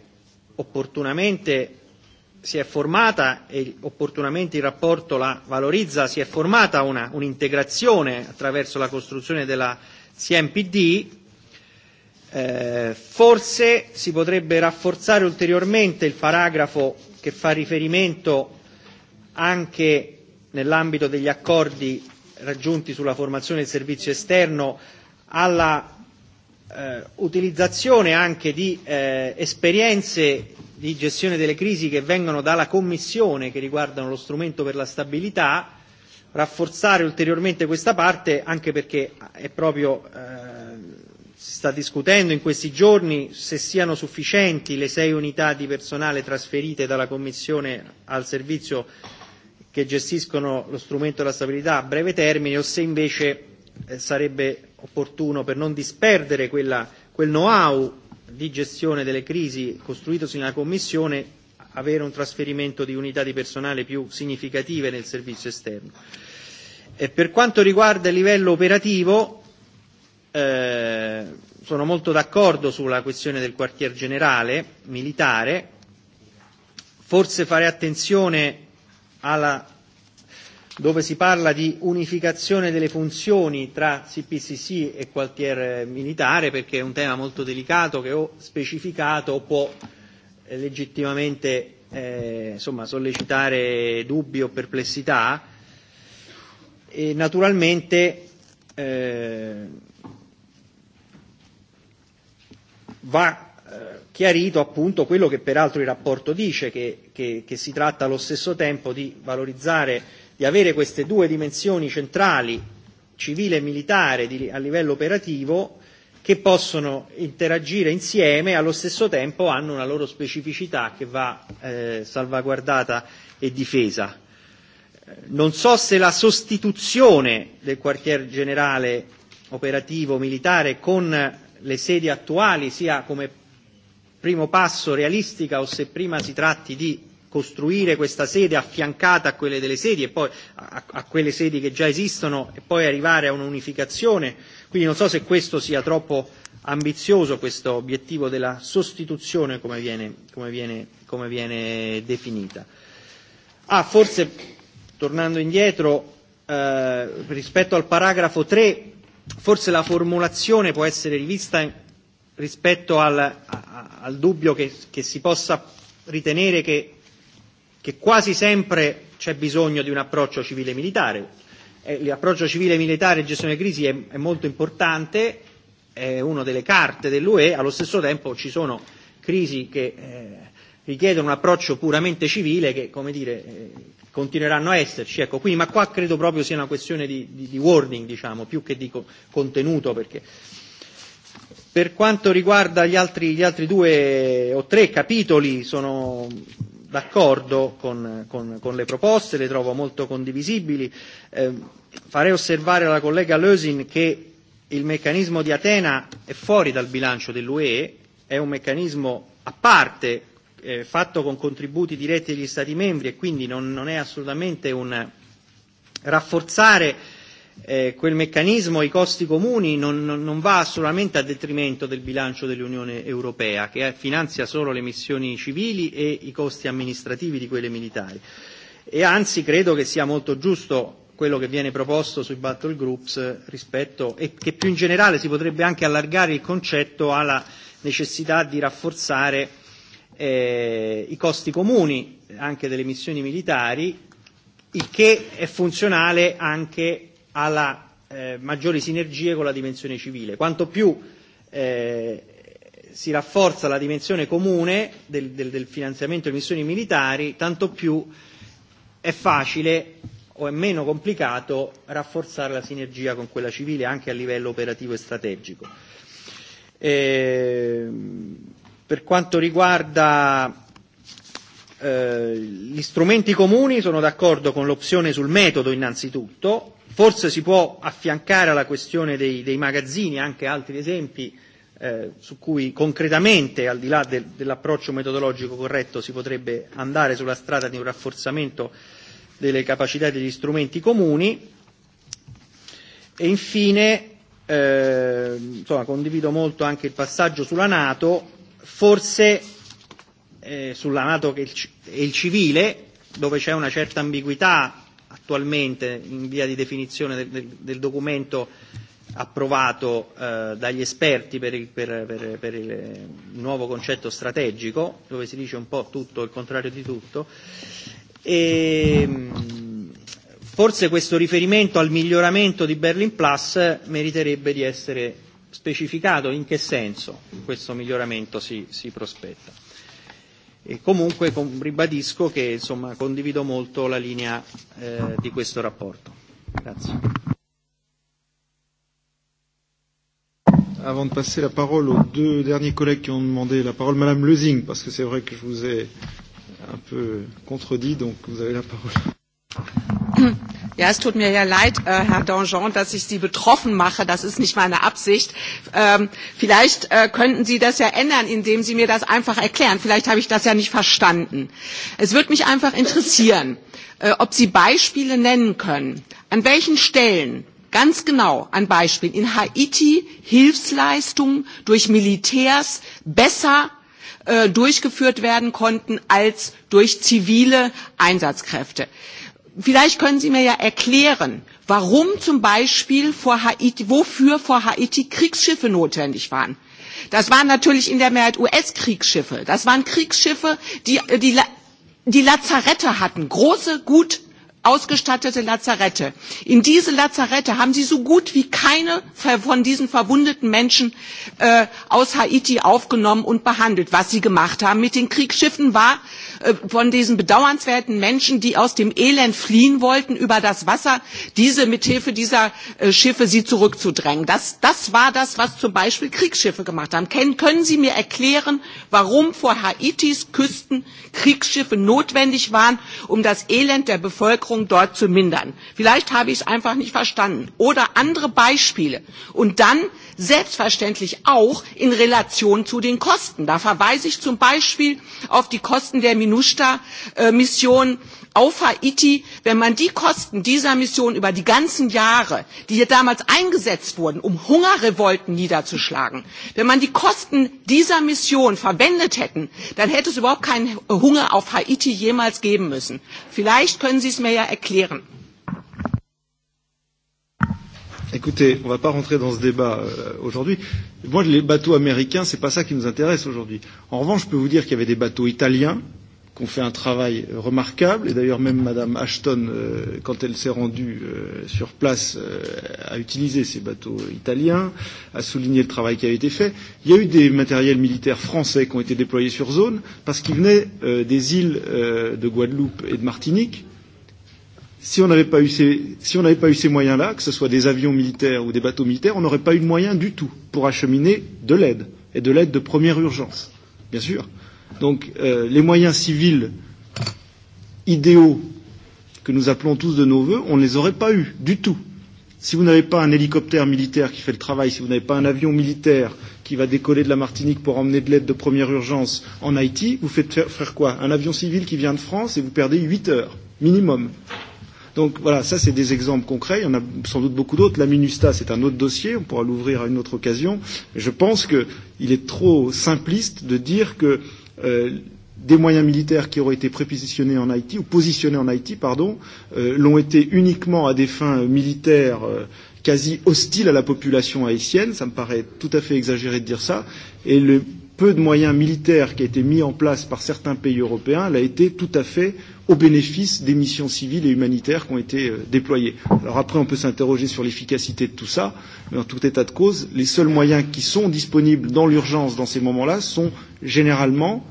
opportunamente si è formata e opportunamente il rapporto la valorizza, si è formata una, un'integrazione attraverso la costruzione della CMPD Eh, forse si potrebbe rafforzare ulteriormente il paragrafo che fa riferimento anche nell'ambito degli accordi raggiunti sulla formazione del servizio esterno alla eh, utilizzazione anche di eh, esperienze di gestione delle crisi che vengono dalla Commissione che riguardano lo strumento per la stabilità, rafforzare ulteriormente questa parte anche perché è proprio eh, si sta discutendo in questi giorni se siano sufficienti le sei unità di personale trasferite dalla Commissione al servizio che gestiscono lo strumento della stabilità a breve termine o se invece eh, sarebbe opportuno per non disperdere quella, quel know-how di gestione delle crisi costruitosi nella Commissione avere un trasferimento di unità di personale più significative nel servizio esterno. E per quanto riguarda il livello operativo, Eh, sono molto d'accordo sulla questione del quartier generale militare, forse fare attenzione alla, dove si parla di unificazione delle funzioni tra CPCC e quartier militare perché è un tema molto delicato che ho specificato o può eh, legittimamente eh, insomma, sollecitare dubbi o perplessità e naturalmente eh, va eh, chiarito appunto quello che peraltro il rapporto dice, che, che, che si tratta allo stesso tempo di valorizzare, di avere queste due dimensioni centrali, civile e militare, di, a livello operativo, che possono interagire insieme e allo stesso tempo hanno una loro specificità che va eh, salvaguardata e difesa. Non so se la sostituzione del quartier generale operativo militare con le sedi attuali sia come primo passo realistica o se prima si tratti di costruire questa sede affiancata a quelle delle sedi e poi a, a quelle sedi che già esistono e poi arrivare a un'unificazione. Quindi non so se questo sia troppo ambizioso, questo obiettivo della sostituzione come viene, come viene, come viene definita. Ah, forse tornando indietro eh, rispetto al paragrafo 3 forse la formulazione può essere rivista rispetto al, a, al dubbio che, che si possa ritenere che, che quasi sempre c'è bisogno di un approccio civile militare. Eh, l'approccio civile militare e gestione delle crisi è, è molto importante, è una delle carte dell'UE, allo stesso tempo ci sono crisi che eh, richiedono un approccio puramente civile che, come dire, eh, continueranno a esserci. Ecco, qui, ma qua credo proprio sia una questione di, di, di wording, diciamo, più che di contenuto, perché per quanto riguarda gli altri, gli altri due o tre capitoli sono d'accordo con, con, con le proposte, le trovo molto condivisibili. Eh, farei osservare alla collega Lösin che il meccanismo di Atena è fuori dal bilancio dell'UE, è un meccanismo a parte eh, fatto con contributi diretti degli Stati membri e quindi non, non è assolutamente un rafforzare eh, quel meccanismo i costi comuni non, non, non va assolutamente a detrimento del bilancio dell'Unione Europea che eh, finanzia solo le missioni civili e i costi amministrativi di quelle militari e anzi credo che sia molto giusto quello che viene proposto sui battle groups rispetto e che più in generale si potrebbe anche allargare il concetto alla necessità di rafforzare eh, i costi comuni anche delle missioni militari, il che è funzionale anche alla eh, maggiori sinergie con la dimensione civile. Quanto più eh, si rafforza la dimensione comune del, del, del finanziamento delle missioni militari, tanto più è facile o è meno complicato rafforzare la sinergia con quella civile anche a livello operativo e strategico. Eh, Per quanto riguarda eh, gli strumenti comuni, sono d'accordo con l'opzione sul metodo innanzitutto, forse si può affiancare alla questione dei, dei magazzini anche altri esempi eh, su cui concretamente, al di là del, dell'approccio metodologico corretto, si potrebbe andare sulla strada di un rafforzamento delle capacità degli strumenti comuni. E infine, eh, insomma, condivido molto anche il passaggio sulla Nato, forse eh, sulla Nato e il civile, dove c'è una certa ambiguità attualmente in via di definizione del, del, del documento approvato eh, dagli esperti per il, per, per, per il nuovo concetto strategico, dove si dice un po' tutto, il contrario di tutto. E, ehm, forse questo riferimento al miglioramento di Berlin Plus meriterebbe di essere specificato in che senso questo miglioramento si, si prospetta. E comunque com, ribadisco che insomma, condivido molto la linea eh, di questo rapporto. Grazie. Avant de passer la parole aux deux derniers collègues qui ont demandé la parole, Madame Lezing, parce que c'est vrai que je vous ai un peu contredit, donc vous avez la parole. [coughs] Ja, es tut mir ja leid, äh, Herr Donjon, dass ich Sie betroffen mache. Das ist nicht meine Absicht. Ähm, vielleicht äh, könnten Sie das ja ändern, indem Sie mir das einfach erklären. Vielleicht habe ich das ja nicht verstanden. Es würde mich einfach interessieren, äh, ob Sie Beispiele nennen können. An welchen Stellen ganz genau an Beispielen in Haiti Hilfsleistungen durch Militärs besser äh, durchgeführt werden konnten als durch zivile Einsatzkräfte vielleicht können Sie mir ja erklären, warum zum Beispiel vor Haiti, wofür vor Haiti Kriegsschiffe notwendig waren. Das waren natürlich in der Mehrheit US-Kriegsschiffe. Das waren Kriegsschiffe, die, äh, die, die Lazarette hatten, große, gut ausgestattete Lazarette. In diese Lazarette haben sie so gut wie keine von diesen verwundeten Menschen äh, aus Haiti aufgenommen und behandelt. Was sie gemacht haben mit den Kriegsschiffen war, äh, von diesen bedauernswerten Menschen, die aus dem Elend fliehen wollten, über das Wasser, diese mit Hilfe dieser äh, Schiffe sie zurückzudrängen. Das, das war das, was zum Beispiel Kriegsschiffe gemacht haben. Ken, können Sie mir erklären, warum vor Haitis Küsten Kriegsschiffe notwendig waren, um das Elend der Bevölkerung Bevölkerung dort zu mindern. Vielleicht habe ich es einfach nicht verstanden. Oder andere Beispiele. Und dann selbstverständlich auch in Relation zu den Kosten. Da verweise ich zum Beispiel auf die Kosten der MINUSTA-Mission auf Haiti, wenn man die Kosten dieser Mission über die ganzen Jahre, die hier damals eingesetzt wurden, um Hungerrevolten niederzuschlagen, wenn man die Kosten dieser Mission verwendet hätte dann hätte es überhaupt keinen Hunger auf Haiti jemals geben müssen. Vielleicht können Sie es mir ja erklären. Écoutez, on ne va pas rentrer dans ce débat euh, aujourd'hui. Moi, les bateaux américains, ce n'est pas ça qui nous intéresse aujourd'hui. En revanche, je peux vous dire qu'il y avait des bateaux italiens qui ont fait un travail remarquable. Et d'ailleurs, même Mme Ashton, euh, quand elle s'est rendue euh, sur place, euh, a utilisé ces bateaux italiens, a souligné le travail qui avait été fait. Il y a eu des matériels militaires français qui ont été déployés sur zone parce qu'ils venaient euh, des îles euh, de Guadeloupe et de Martinique si on n'avait pas eu ces, si on n'avait pas eu ces moyens-là, que ce soit des avions militaires ou des bateaux militaires, on n'aurait pas eu de moyens du tout pour acheminer de l'aide et de l'aide de première urgence, bien sûr. Donc euh, les moyens civils idéaux que nous appelons tous de nos voeux, on ne les aurait pas eus du tout. Si vous n'avez pas un hélicoptère militaire qui fait le travail, si vous n'avez pas un avion militaire qui va décoller de la Martinique pour emmener de l'aide de première urgence en Haïti, vous faites faire quoi Un avion civil qui vient de France et vous perdez 8 heures minimum Donc voilà, ça c'est des exemples concrets. Il y en a sans doute beaucoup d'autres. La MINUSTA, c'est un autre dossier. On pourra l'ouvrir à une autre occasion. Mais je pense qu'il est trop simpliste de dire que euh, des moyens militaires qui auraient été prépositionnés en Haïti ou positionnés en Haïti, pardon, euh, l'ont été uniquement à des fins militaires. Euh, quasi hostiles à la population haïtienne, ça me paraît tout à fait exagéré de dire ça, et le peu de moyens militaires qui a été mis en place par certains pays européens l'a été tout à fait euh, au bénéfice des missions civiles et humanitaires qui ont été euh, déployées. Alors après, on peut s'interroger sur l'efficacité de tout ça, mais en tout état de cause, les seuls moyens qui sont disponibles dans l'urgence dans ces moments-là sont généralement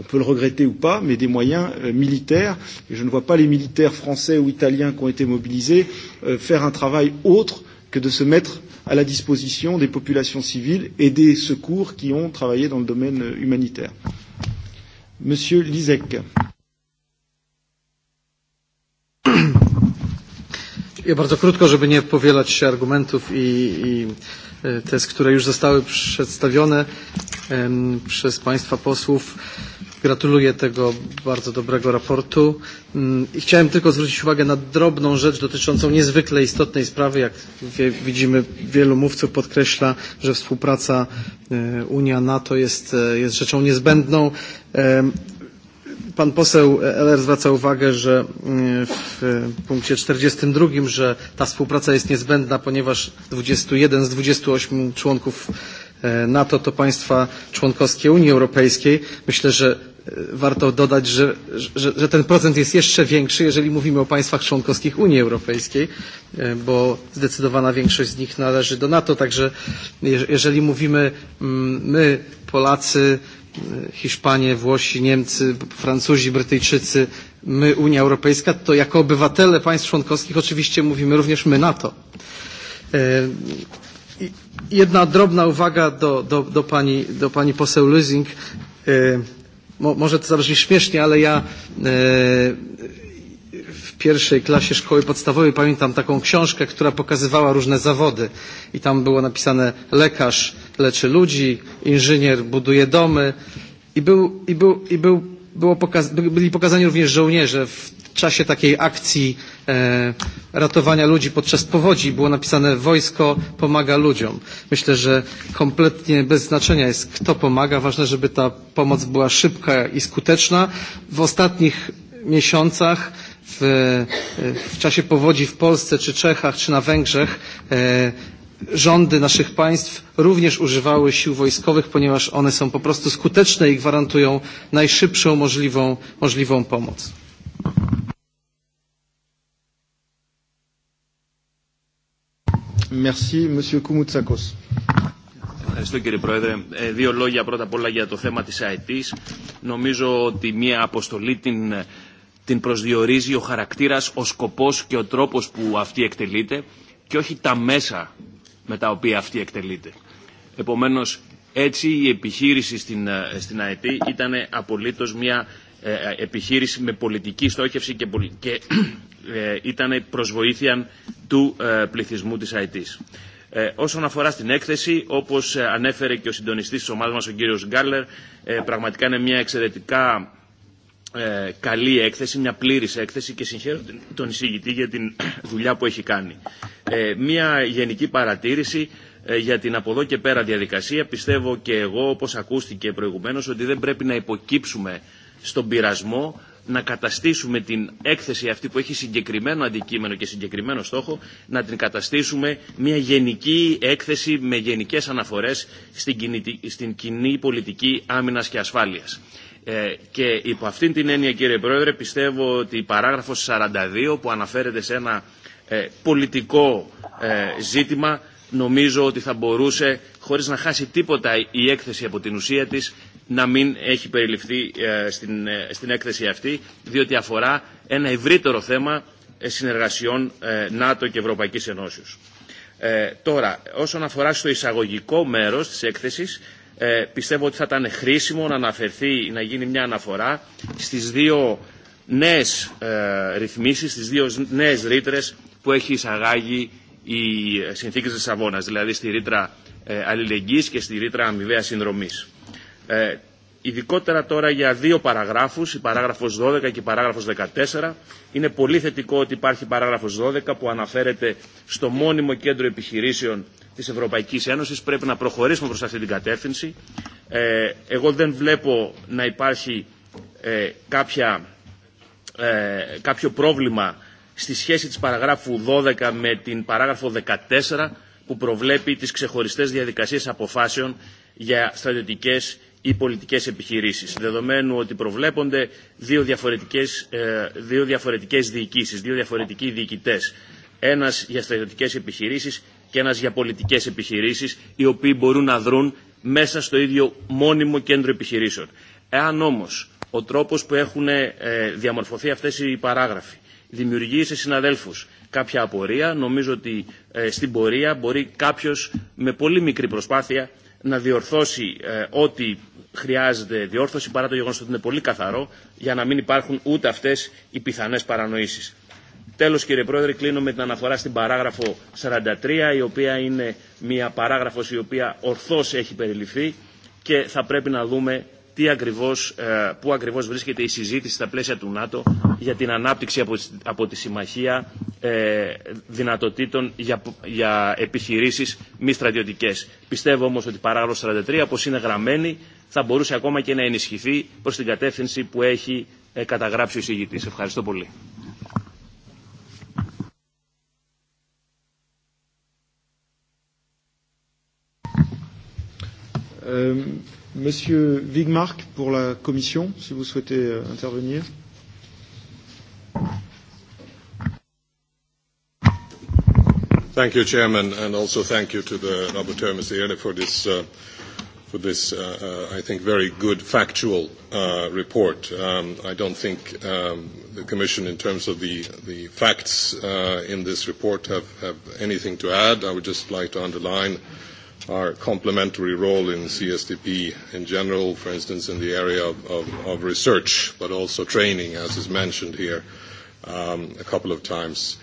on peut le regretter ou pas, mais des moyens euh, militaires. Et je ne vois pas les militaires français ou italiens qui ont été mobilisés euh, faire un travail autre que de se mettre à la disposition des populations civiles et des secours qui ont travaillé dans le domaine humanitaire. Monsieur Lisek. Ja bardzo krótko, żeby nie powielać się argumentów i, i tez, które już zostały przedstawione przez Państwa posłów. Gratuluję tego bardzo dobrego raportu mm, i chciałem tylko zwrócić uwagę na drobną rzecz dotyczącą niezwykle istotnej sprawy. Jak wie, widzimy, wielu mówców podkreśla, że współpraca Unia-NATO jest, jest rzeczą niezbędną. Pan poseł Eller zwraca uwagę, że w punkcie 42, że ta współpraca jest niezbędna, ponieważ 21 z 28 członków NATO to państwa członkowskie Unii Europejskiej. Myślę, że warto dodać, że, że, że ten procent jest jeszcze większy, jeżeli mówimy o państwach członkowskich Unii Europejskiej, bo zdecydowana większość z nich należy do NATO. Także jeżeli mówimy my, Polacy, Hiszpanie, Włosi, Niemcy, Francuzi, Brytyjczycy, my, Unia Europejska, to jako obywatele państw członkowskich oczywiście mówimy również my NATO. Jedna drobna uwaga do, do, do, pani, do pani poseł Lysing. może to zabrzmi śmiesznie, ale ja pierwszej klasie szkoły podstawowej pamiętam taką książkę, która pokazywała różne zawody i tam było napisane lekarz leczy ludzi, inżynier buduje domy i, był, i, był, i był, było pokaz byli pokazani również żołnierze w czasie takiej akcji e, ratowania ludzi podczas powodzi było napisane wojsko pomaga ludziom. Myślę, że kompletnie bez znaczenia jest kto pomaga. Ważne, żeby ta pomoc była szybka i skuteczna. W ostatnich miesiącach w, w czasie powodzi w Polsce czy Czechach czy na Węgrzech rządy naszych państw również używały sił wojskowych, ponieważ one są po prostu skuteczne i gwarantują najszybszą możliwą, możliwą pomoc. Merci, Monsieur Koumoutsakos. Ευχαριστώ κύριε Πρόεδρε. Ε, δύο λόγια πρώτα απ' όλα για το θέμα της ΑΕΤΗΣ. Νομίζω ότι μια αποστολή την την προσδιορίζει ο χαρακτήρας, ο σκοπός και ο τρόπος που αυτή εκτελείται και όχι τα μέσα με τα οποία αυτή εκτελείται. Επομένως, έτσι η επιχείρηση στην, στην ΑΕΤ ήταν απολύτως μια ε, επιχείρηση με πολιτική στόχευση και, και ε, ήταν προς βοήθεια του ε, πληθυσμού της ΑΕΤ. Ε, όσον αφορά στην έκθεση, όπως ανέφερε και ο συντονιστής της ομάδας μας, ο κύριος Γκάλλερ, ε, πραγματικά είναι μια εξαιρετικά ε, καλή έκθεση, μια πλήρης έκθεση και συγχαίρω τον εισηγητή για την δουλειά που έχει κάνει. Ε, μια γενική παρατήρηση ε, για την από εδώ και πέρα διαδικασία. Πιστεύω και εγώ, όπως ακούστηκε προηγουμένως, ότι δεν πρέπει να υποκύψουμε στον πειρασμό να καταστήσουμε την έκθεση αυτή που έχει συγκεκριμένο αντικείμενο και συγκεκριμένο στόχο, να την καταστήσουμε μια γενική έκθεση με γενικές αναφορές στην κοινή, στην κοινή πολιτική άμυνας και ασφάλειας και υπό αυτήν την έννοια κύριε Πρόεδρε πιστεύω ότι η παράγραφος 42 που αναφέρεται σε ένα ε, πολιτικό ε, ζήτημα νομίζω ότι θα μπορούσε χωρίς να χάσει τίποτα η έκθεση από την ουσία της να μην έχει περιληφθεί ε, στην, ε, στην έκθεση αυτή διότι αφορά ένα ευρύτερο θέμα ε, συνεργασιών ε, ΝΑΤΟ και Ευρωπαϊκής Ενώσεως. Ε, τώρα, όσον αφορά στο εισαγωγικό μέρος της έκθεσης, Ε, πιστεύω ότι θα ήταν χρήσιμο να αναφερθεί, να γίνει μια αναφορά στις δύο νέες ε, ρυθμίσεις, στις δύο νέες ρήτρες που έχει εισαγάγει η συνθήκη της Σαβώνας, δηλαδή στη ρήτρα ε, αλληλεγγύης και στη ρήτρα αμοιβαία συνδρομής. Ε, ειδικότερα τώρα για δύο παραγράφους, η παράγραφος 12 και η παράγραφος 14. Είναι πολύ θετικό ότι υπάρχει παράγραφος 12 που αναφέρεται στο μόνιμο κέντρο επιχειρήσεων τη Ευρωπαϊκή Ένωση. Πρέπει να προχωρήσουμε προ αυτή την κατεύθυνση. Ε, εγώ δεν βλέπω να υπάρχει ε, κάποια, ε, κάποιο πρόβλημα στη σχέση της παραγράφου 12 με την παράγραφο 14 που προβλέπει τις ξεχωριστές διαδικασίες αποφάσεων για στρατιωτικές ή πολιτικές επιχειρήσεις, δεδομένου ότι προβλέπονται δύο διαφορετικές, δύο διαφορετικές διοικήσεις, δύο διαφορετικοί διοικητές, ένας για στρατιωτικές επιχειρήσεις και ένας για πολιτικές επιχειρήσεις, οι οποίοι μπορούν να δρουν μέσα στο ίδιο μόνιμο κέντρο επιχειρήσεων. Εάν όμως ο τρόπος που έχουν ε, διαμορφωθεί αυτές οι παράγραφοι δημιουργεί σε συναδέλφους κάποια απορία, νομίζω ότι ε, στην πορεία μπορεί κάποιος με πολύ μικρή προσπάθεια να διορθώσει ε, ό,τι χρειάζεται διόρθωση παρά το γεγονός ότι είναι πολύ καθαρό για να μην υπάρχουν ούτε αυτές οι πιθανές παρανοήσεις. Τέλος κύριε Πρόεδρε κλείνω με την αναφορά στην παράγραφο 43 η οποία είναι μια παράγραφος η οποία ορθώς έχει περιληφθεί και θα πρέπει να δούμε τι ακριβώς, πού ακριβώς βρίσκεται η συζήτηση στα πλαίσια του ΝΑΤΟ για την ανάπτυξη από, από τη Συμμαχία ε, δυνατοτήτων για, για επιχειρήσεις μη στρατιωτικές. Πιστεύω όμως ότι η παράγραφος 43, όπως είναι γραμμένη, θα μπορούσε ακόμα και να ενισχυθεί προς την κατεύθυνση που έχει ε, καταγράψει ο εισηγητής. Ευχαριστώ πολύ. Euh, Monsieur Wigmark pour la Commission, si vous souhaitez euh, intervenir. Thank you, Chairman, and also thank you to the rapporteur, Mr. Yele, for this, uh, for this uh, uh, I think, very good factual uh, report. Um, I don't think um, the Commission, in terms of the, the facts uh, in this report, have, have anything to add. I would just like to underline uh, our complementary role in CSDP in general, for instance, in the area of, of, of research, but also training, as is mentioned here um, a couple of times.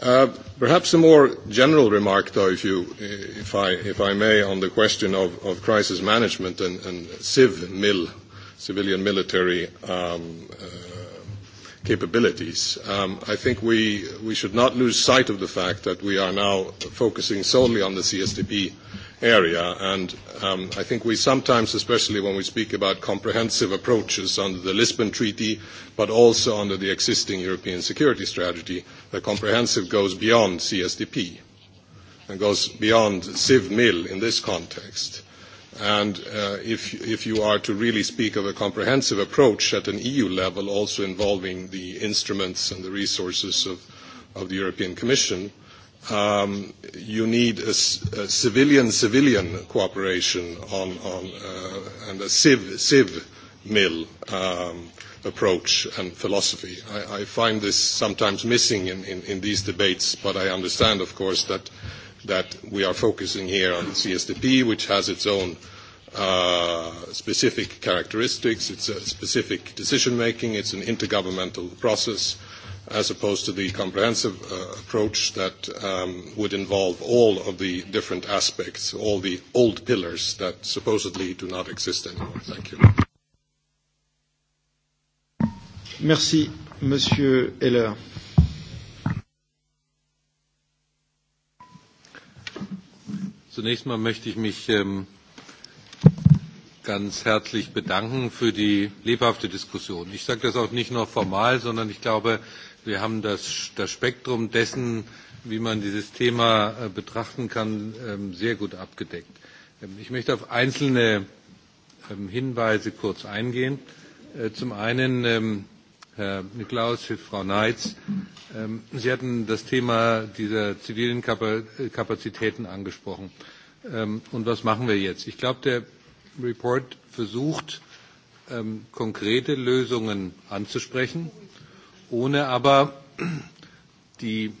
Uh, perhaps a more general remark, though, if, you, if, I, if I may, on the question of, of crisis management and, and civ mil, civilian military um, uh, capabilities. Um, I think we, we should not lose sight of the fact that we are now focusing solely on the CSDP area. And um, I think we sometimes, especially when we speak about comprehensive approaches under the Lisbon Treaty, but also under the existing European security strategy, the comprehensive goes beyond CSDP and goes beyond CIV-MIL in this context. And uh, if, if you are to really speak of a comprehensive approach at an EU level, also involving the instruments and the resources of, of the European Commission, um, you need a, a civilian-civilian cooperation on, on, uh, and a civ, civ mill um, approach and philosophy. I, I find this sometimes missing in, in, in these debates, but I understand, of course, that, that we are focusing here on CSDP, which has its own uh, specific characteristics, it's a specific decision making, it's an intergovernmental process as opposed to the comprehensive uh, approach that um, would involve all of the different aspects, all the old pillars that supposedly do not exist anymore. Thank you. Merci, Monsieur Heller. Zunächst mal möchte ich mich ähm, ganz herzlich bedanken für die lebhafte Diskussion. Ich sage das auch nicht nur formal, sondern ich glaube, Sie haben das, das Spektrum dessen, wie man dieses Thema äh, betrachten kann, ähm, sehr gut abgedeckt. Ähm, ich möchte auf einzelne ähm, Hinweise kurz eingehen. Äh, zum einen, Herr Niklaus, Frau Neitz, Sie hatten das Thema dieser zivilen äh, Kapazitäten angesprochen. und was machen wir jetzt? Ich glaube, der Report versucht, konkrete Lösungen anzusprechen ohne aber die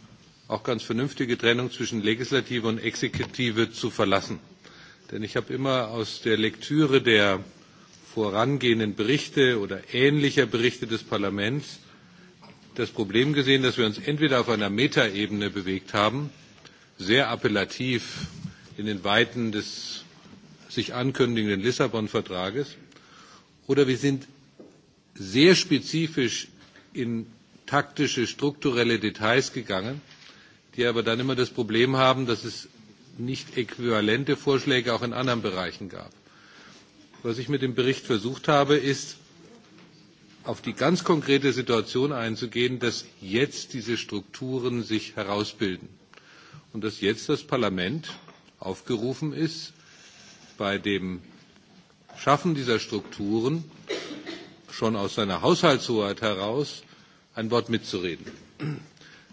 auch ganz vernünftige Trennung zwischen Legislative und Exekutive zu verlassen. Denn ich habe immer aus der Lektüre der vorangehenden Berichte oder ähnlicher Berichte des Parlaments das Problem gesehen, dass wir uns entweder auf einer Metaebene bewegt haben, sehr appellativ in den Weiten des sich ankündigenden Lissabon-Vertrages, oder wir sind sehr spezifisch in taktische, strukturelle Details gegangen, die aber dann immer das Problem haben, dass es nicht äquivalente Vorschläge auch in anderen Bereichen gab. Was ich mit dem Bericht versucht habe, ist, auf die ganz konkrete Situation einzugehen, dass jetzt diese Strukturen sich herausbilden und dass jetzt das Parlament aufgerufen ist, bei dem Schaffen dieser Strukturen schon aus seiner Haushaltshoheit heraus ein Wort mitzureden.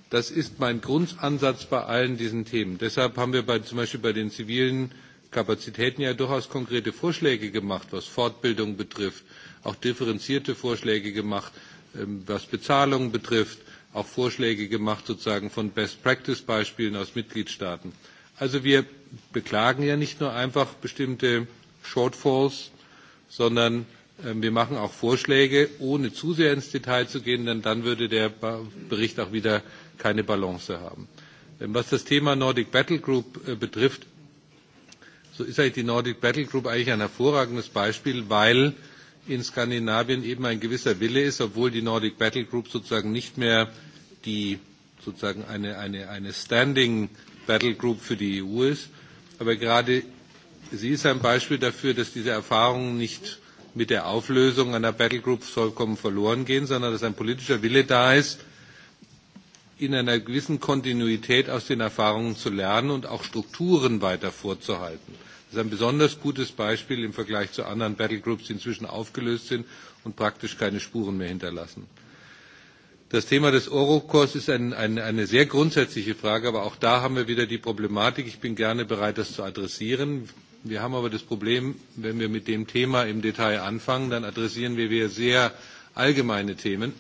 Das ist mein Grundansatz bei allen diesen Themen. Deshalb haben wir bei, zum Beispiel bei den zivilen Kapazitäten ja durchaus konkrete Vorschläge gemacht, was Fortbildung betrifft, auch differenzierte Vorschläge gemacht, ähm, was Bezahlung betrifft, auch Vorschläge gemacht sozusagen von Best-Practice-Beispielen aus Mitgliedstaaten. Also wir beklagen ja nicht nur einfach bestimmte Shortfalls, sondern Ähm, wir machen auch Vorschläge, ohne zu sehr ins Detail zu gehen, denn dann würde der Bericht auch wieder keine Balance haben. Ähm, was das Thema Nordic Battle Group äh, betrifft, so ist eigentlich die Nordic Battle Group eigentlich ein hervorragendes Beispiel, weil in Skandinavien eben ein gewisser Wille ist, obwohl die Nordic Battle Group sozusagen nicht mehr die sozusagen eine, eine, eine Standing Battle Group für die EU ist. Aber gerade sie ist ein Beispiel dafür, dass diese Erfahrungen nicht mit der Auflösung einer Battlegroup vollkommen verloren gehen, sondern dass ein politischer Wille da ist, in einer gewissen Kontinuität aus den Erfahrungen zu lernen und auch Strukturen weiter vorzuhalten. Das ist ein besonders gutes Beispiel im Vergleich zu anderen Battlegroups, die inzwischen aufgelöst sind und praktisch keine Spuren mehr hinterlassen. Das Thema des Eurokurs ist ein, ein, eine sehr grundsätzliche Frage, aber auch da haben wir wieder die Problematik. Ich bin gerne bereit, das zu adressieren. Wir haben aber das Problem, wenn wir mit dem Thema im Detail anfangen, dann adressieren wir sehr allgemeine Themen.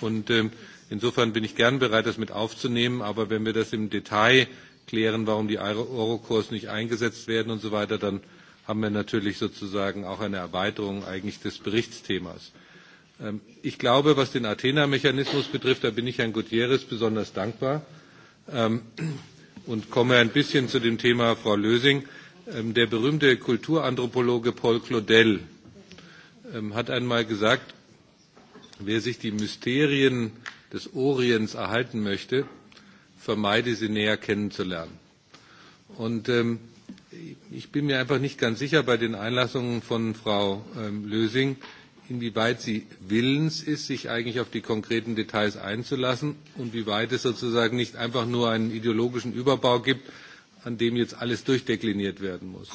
Und ähm, insofern bin ich gern bereit, das mit aufzunehmen. Aber wenn wir das im Detail klären, warum die Eurokurse nicht eingesetzt werden und so weiter, dann haben wir natürlich sozusagen auch eine Erweiterung eigentlich des Berichtsthemas. Ähm, ich glaube, was den Athena-Mechanismus betrifft, da bin ich Herrn Gutierrez besonders dankbar ähm, und komme ein bisschen zu dem Thema Frau Lösing. Ähm, der berühmte Kulturanthropologe Paul Claudel ähm, hat einmal gesagt, wer sich die Mysterien des Orients erhalten möchte, vermeide sie näher kennenzulernen. Und ähm, ich bin mir einfach nicht ganz sicher bei den Einlassungen von Frau Lösing, inwieweit sie willens ist, sich eigentlich auf die konkreten Details einzulassen und wie weit es sozusagen nicht einfach nur einen ideologischen Überbau gibt, an dem jetzt alles durchdekliniert werden muss.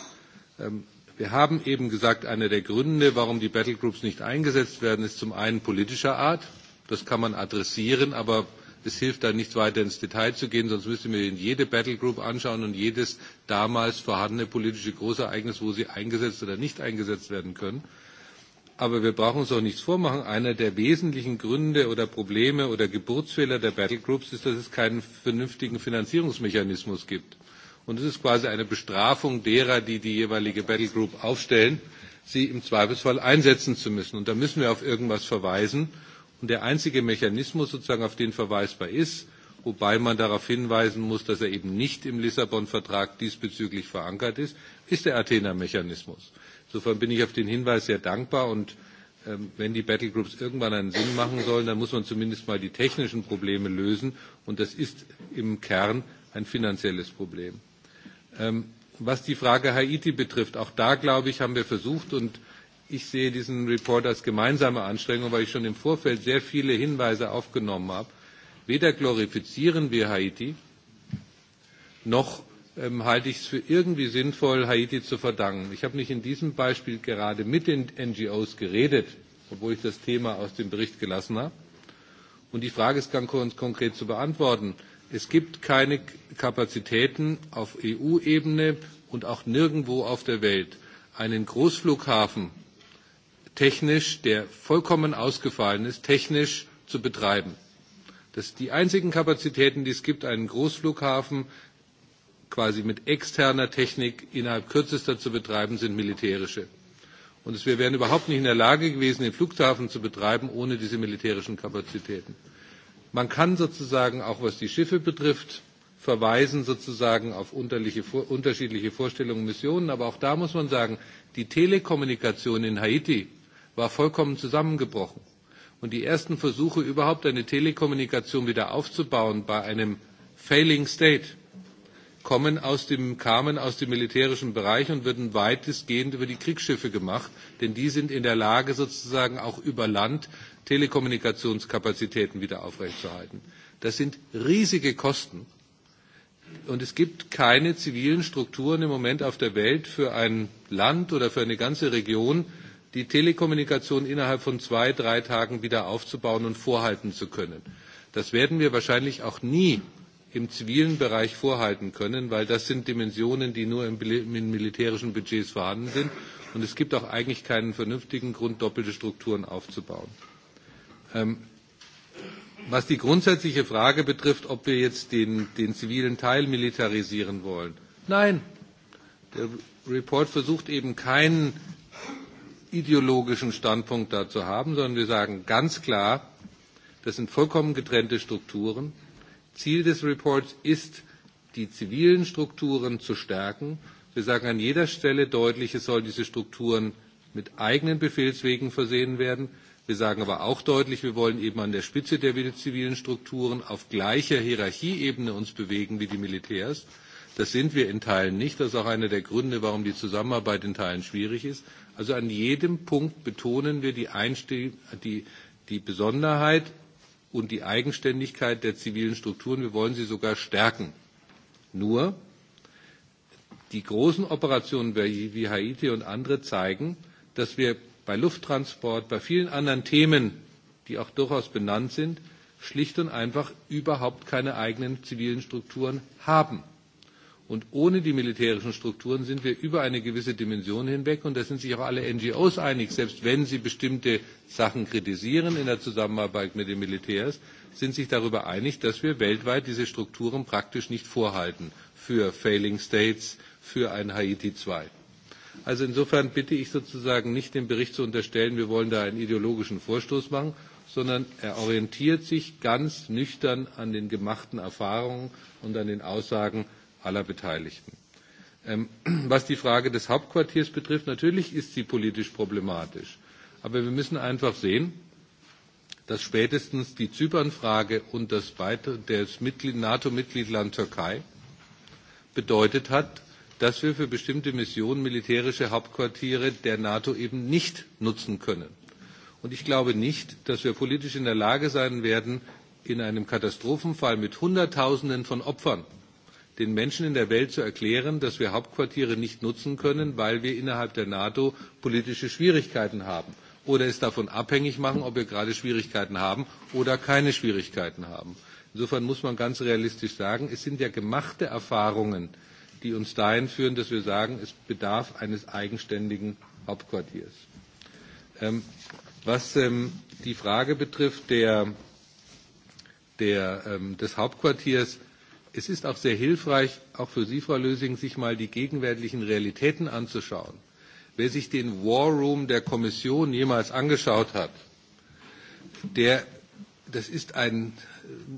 Ähm, wir haben eben gesagt, einer der Gründe, warum die Battlegroups nicht eingesetzt werden, ist zum einen politischer Art. Das kann man adressieren, aber es hilft da nicht weiter ins Detail zu gehen, sonst müssten wir jede Battlegroup anschauen und jedes damals vorhandene politische Großereignis, wo sie eingesetzt oder nicht eingesetzt werden können. Aber wir brauchen uns auch nichts vormachen. Einer der wesentlichen Gründe oder Probleme oder Geburtsfehler der Battlegroups ist, dass es keinen vernünftigen Finanzierungsmechanismus gibt. Und es ist quasi eine Bestrafung derer, die die jeweilige Battlegroup aufstellen, sie im Zweifelsfall einsetzen zu müssen. Und da müssen wir auf irgendwas verweisen. Und der einzige Mechanismus, sozusagen, auf den verweisbar ist, wobei man darauf hinweisen muss, dass er eben nicht im Lissabon-Vertrag diesbezüglich verankert ist, ist der Athena-Mechanismus. Insofern bin ich auf den Hinweis sehr dankbar und ähm, wenn die Battlegroups irgendwann einen Sinn machen sollen, dann muss man zumindest mal die technischen Probleme lösen und das ist im Kern ein finanzielles Problem. Ähm, was die Frage Haiti betrifft, auch da, glaube ich, haben wir versucht und ich sehe diesen Report als gemeinsame Anstrengung, weil ich schon im Vorfeld sehr viele Hinweise aufgenommen habe. Weder glorifizieren wir Haiti, noch ähm, halte ich es für irgendwie sinnvoll, Haiti zu verdanken. Ich habe nicht in diesem Beispiel gerade mit den NGOs geredet, obwohl ich das Thema aus dem Bericht gelassen habe. Und die Frage ist ganz konkret zu beantworten. Es gibt keine Kapazitäten auf EU-Ebene und auch nirgendwo auf der Welt, einen Großflughafen technisch, der vollkommen ausgefallen ist, technisch zu betreiben. Das die einzigen Kapazitäten, die es gibt, einen Großflughafen quasi mit externer Technik innerhalb kürzester zu betreiben, sind militärische. Und wir wären überhaupt nicht in der Lage gewesen, den Flughafen zu betreiben ohne diese militärischen Kapazitäten. Man kann sozusagen auch, was die Schiffe betrifft, verweisen sozusagen auf unterschiedliche Vorstellungen und Missionen. Aber auch da muss man sagen, die Telekommunikation in Haiti war vollkommen zusammengebrochen. Und die ersten Versuche, überhaupt eine Telekommunikation wieder aufzubauen bei einem Failing State, kommen aus dem, kamen aus dem militärischen Bereich und würden weitestgehend über die Kriegsschiffe gemacht, denn die sind in der Lage, sozusagen auch über Land Telekommunikationskapazitäten wieder aufrechtzuerhalten. Das sind riesige Kosten. Und es gibt keine zivilen Strukturen im Moment auf der Welt für ein Land oder für eine ganze Region, die Telekommunikation innerhalb von zwei, drei Tagen wieder aufzubauen und vorhalten zu können. Das werden wir wahrscheinlich auch nie im zivilen Bereich vorhalten können, weil das sind Dimensionen, die nur in militärischen Budgets vorhanden sind. Und es gibt auch eigentlich keinen vernünftigen Grund, doppelte Strukturen aufzubauen. Ähm, was die grundsätzliche Frage betrifft, ob wir jetzt den, den zivilen Teil militarisieren wollen. Nein, der Report versucht eben keinen ideologischen Standpunkt dazu haben, sondern wir sagen ganz klar, das sind vollkommen getrennte Strukturen. Ziel des Reports ist, die zivilen Strukturen zu stärken. Wir sagen an jeder Stelle deutlich, es sollen diese Strukturen mit eigenen Befehlswegen versehen werden. Wir sagen aber auch deutlich, wir wollen eben an der Spitze der zivilen Strukturen auf gleicher Hierarchieebene uns bewegen wie die Militärs. Das sind wir in Teilen nicht. Das ist auch einer der Gründe, warum die Zusammenarbeit in Teilen schwierig ist. Also an jedem Punkt betonen wir die, Einste die, die Besonderheit und die Eigenständigkeit der zivilen Strukturen. Wir wollen sie sogar stärken. Nur die großen Operationen wie Haiti und andere zeigen, dass wir bei Lufttransport, bei vielen anderen Themen, die auch durchaus benannt sind, schlicht und einfach überhaupt keine eigenen zivilen Strukturen haben. Und ohne die militärischen Strukturen sind wir über eine gewisse Dimension hinweg. Und da sind sich auch alle NGOs einig, selbst wenn sie bestimmte Sachen kritisieren in der Zusammenarbeit mit den Militärs, sind sich darüber einig, dass wir weltweit diese Strukturen praktisch nicht vorhalten für Failing States, für ein Haiti II. Also insofern bitte ich sozusagen nicht, dem Bericht zu unterstellen, wir wollen da einen ideologischen Vorstoß machen, sondern er orientiert sich ganz nüchtern an den gemachten Erfahrungen und an den Aussagen aller Beteiligten. Ähm, [clears throat] was die Frage des Hauptquartiers betrifft, natürlich ist sie politisch problematisch. Aber wir müssen einfach sehen, dass spätestens die Zypernfrage und das, das NATO-Mitgliedland Türkei bedeutet hat, dass wir für bestimmte Missionen militärische Hauptquartiere der NATO eben nicht nutzen können. Und ich glaube nicht, dass wir politisch in der Lage sein werden, in einem Katastrophenfall mit Hunderttausenden von Opfern den Menschen in der Welt zu erklären, dass wir Hauptquartiere nicht nutzen können, weil wir innerhalb der NATO politische Schwierigkeiten haben oder es davon abhängig machen, ob wir gerade Schwierigkeiten haben oder keine Schwierigkeiten haben. Insofern muss man ganz realistisch sagen, es sind ja gemachte Erfahrungen, die uns dahin führen, dass wir sagen, es bedarf eines eigenständigen Hauptquartiers. Ähm, was ähm, die Frage betrifft der, der, ähm, des Hauptquartiers Es ist auch sehr hilfreich, auch für Sie, Frau Lösing, sich mal die gegenwärtigen Realitäten anzuschauen. Wer sich den War Room der Kommission jemals angeschaut hat, der, das ist ein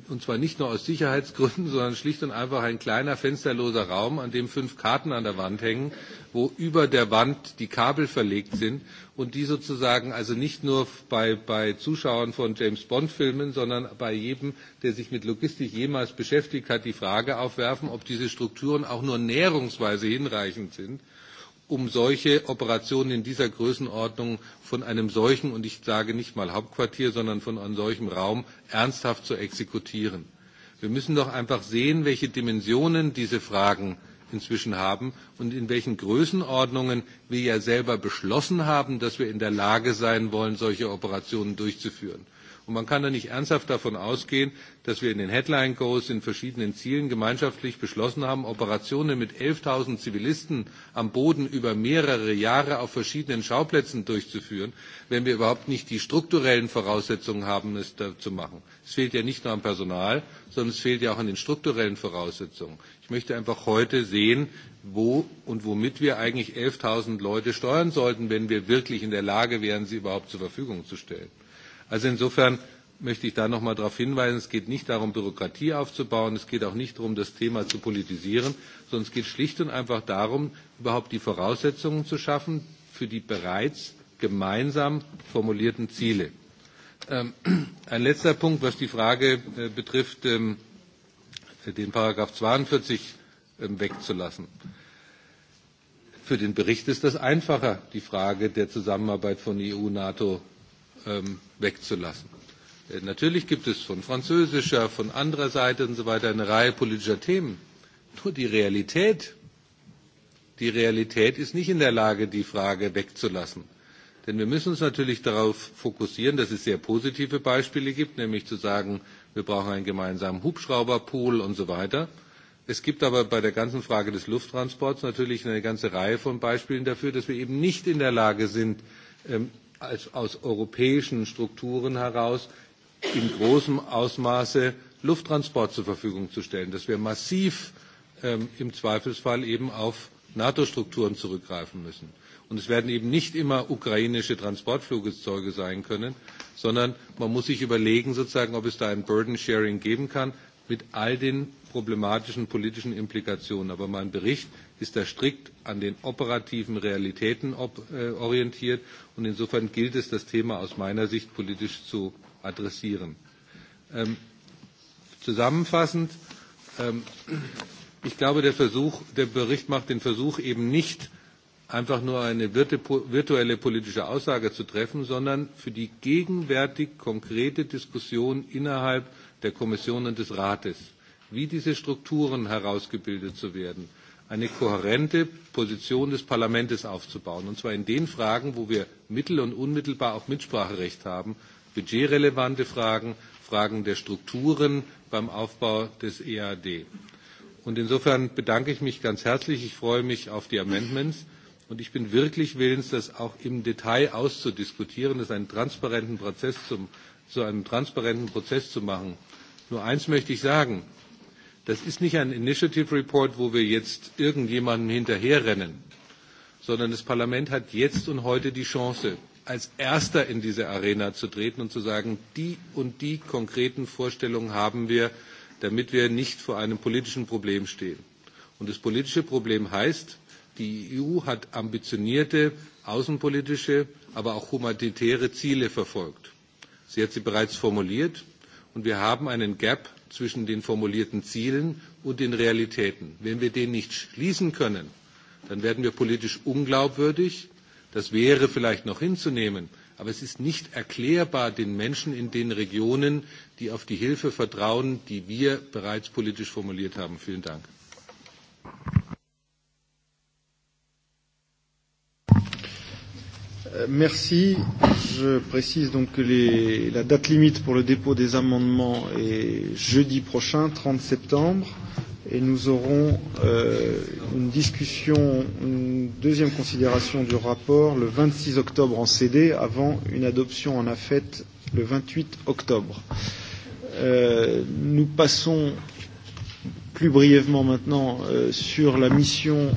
und zwar nicht nur aus Sicherheitsgründen, [laughs] sondern schlicht und einfach ein kleiner fensterloser Raum, an dem fünf Karten an der Wand hängen, wo über der Wand die Kabel verlegt sind und die sozusagen also nicht nur bei, bei Zuschauern von James Bond Filmen, sondern bei jedem, der sich mit Logistik jemals beschäftigt hat, die Frage aufwerfen, ob diese Strukturen auch nur näherungsweise hinreichend sind um solche Operationen in dieser Größenordnung von einem solchen, und ich sage nicht mal Hauptquartier, sondern von einem solchen Raum ernsthaft zu exekutieren. Wir müssen doch einfach sehen, welche Dimensionen diese Fragen inzwischen haben und in welchen Größenordnungen wir ja selber beschlossen haben, dass wir in der Lage sein wollen, solche Operationen durchzuführen. Und man kann da nicht ernsthaft davon ausgehen, dass wir in den Headline Goals in verschiedenen Zielen gemeinschaftlich beschlossen haben, Operationen mit 11.000 Zivilisten am Boden über mehrere Jahre auf verschiedenen Schauplätzen durchzuführen, wenn wir überhaupt nicht die strukturellen Voraussetzungen haben, es da zu machen. Es fehlt ja nicht nur am Personal, sondern es fehlt ja auch an den strukturellen Voraussetzungen. Ich möchte einfach heute sehen, wo und womit wir eigentlich 11.000 Leute steuern sollten, wenn wir wirklich in der Lage wären, sie überhaupt zur Verfügung zu stellen. Also insofern möchte ich da noch mal darauf hinweisen, es geht nicht darum, Bürokratie aufzubauen, es geht auch nicht darum, das Thema zu politisieren, sondern es geht schlicht und einfach darum, überhaupt die Voraussetzungen zu schaffen für die bereits gemeinsam formulierten Ziele. Ähm, ein letzter Punkt, was die Frage äh, betrifft, ähm, den Paragraph 42 ähm, wegzulassen. Für den Bericht ist das einfacher, die Frage der Zusammenarbeit von EU, NATO ähm, wegzulassen. Äh, natürlich gibt es von französischer, von anderer Seite und so weiter eine Reihe politischer Themen. Nur die Realität, die Realität ist nicht in der Lage, die Frage wegzulassen. Denn wir müssen uns natürlich darauf fokussieren, dass es sehr positive Beispiele gibt, nämlich zu sagen, wir brauchen einen gemeinsamen Hubschrauberpool und so weiter. Es gibt aber bei der ganzen Frage des Lufttransports natürlich eine ganze Reihe von Beispielen dafür, dass wir eben nicht in der Lage sind, ähm, als aus europäischen Strukturen heraus in großem Ausmaße Lufttransport zur Verfügung zu stellen, dass wir massiv ähm, im Zweifelsfall eben auf NATO-Strukturen zurückgreifen müssen. Und es werden eben nicht immer ukrainische Transportflugzeuge sein können, sondern man muss sich überlegen, sozusagen, ob es da ein Burden Sharing geben kann mit all den problematischen politischen Implikationen. Aber mein Bericht ist da strikt an den operativen Realitäten ob, äh, orientiert. Und insofern gilt es, das Thema aus meiner Sicht politisch zu adressieren. Ähm, zusammenfassend, ähm, ich glaube, der, Versuch, der Bericht macht den Versuch eben nicht, einfach nur eine virtuelle politische Aussage zu treffen, sondern für die gegenwärtig konkrete Diskussion innerhalb der Kommission und des Rates, wie diese Strukturen herausgebildet zu werden, eine kohärente Position des Parlaments aufzubauen, und zwar in den Fragen, wo wir mittel- und unmittelbar auch Mitspracherecht haben, budgetrelevante Fragen, Fragen der Strukturen beim Aufbau des EAD. Und insofern bedanke ich mich ganz herzlich. Ich freue mich auf die Amendments. Und ich bin wirklich willens, das auch im Detail auszudiskutieren, das einen transparenten Prozess zum, zu einem transparenten Prozess zu machen. Nur eins möchte ich sagen. Das ist nicht ein Initiative Report, wo wir jetzt irgendjemandem hinterherrennen, sondern das Parlament hat jetzt und heute die Chance, als Erster in diese Arena zu treten und zu sagen, die und die konkreten Vorstellungen haben wir, damit wir nicht vor einem politischen Problem stehen. Und das politische Problem heißt, die EU hat ambitionierte außenpolitische, aber auch humanitäre Ziele verfolgt. Sie hat sie bereits formuliert und wir haben einen Gap zwischen den formulierten Zielen und den Realitäten. Wenn wir den nicht schließen können, dann werden wir politisch unglaubwürdig. Das wäre vielleicht noch hinzunehmen, aber es ist nicht erklärbar den Menschen in den Regionen, die auf die Hilfe vertrauen, die wir bereits politisch formuliert haben. Vielen Dank. Euh, merci. Je précise donc que les, la date limite pour le dépôt des amendements est jeudi prochain, 30 septembre, et nous aurons euh, une discussion, une deuxième considération du rapport le 26 octobre en CD, avant une adoption en AFET le 28 octobre. Euh, nous passons plus brièvement maintenant euh, sur la mission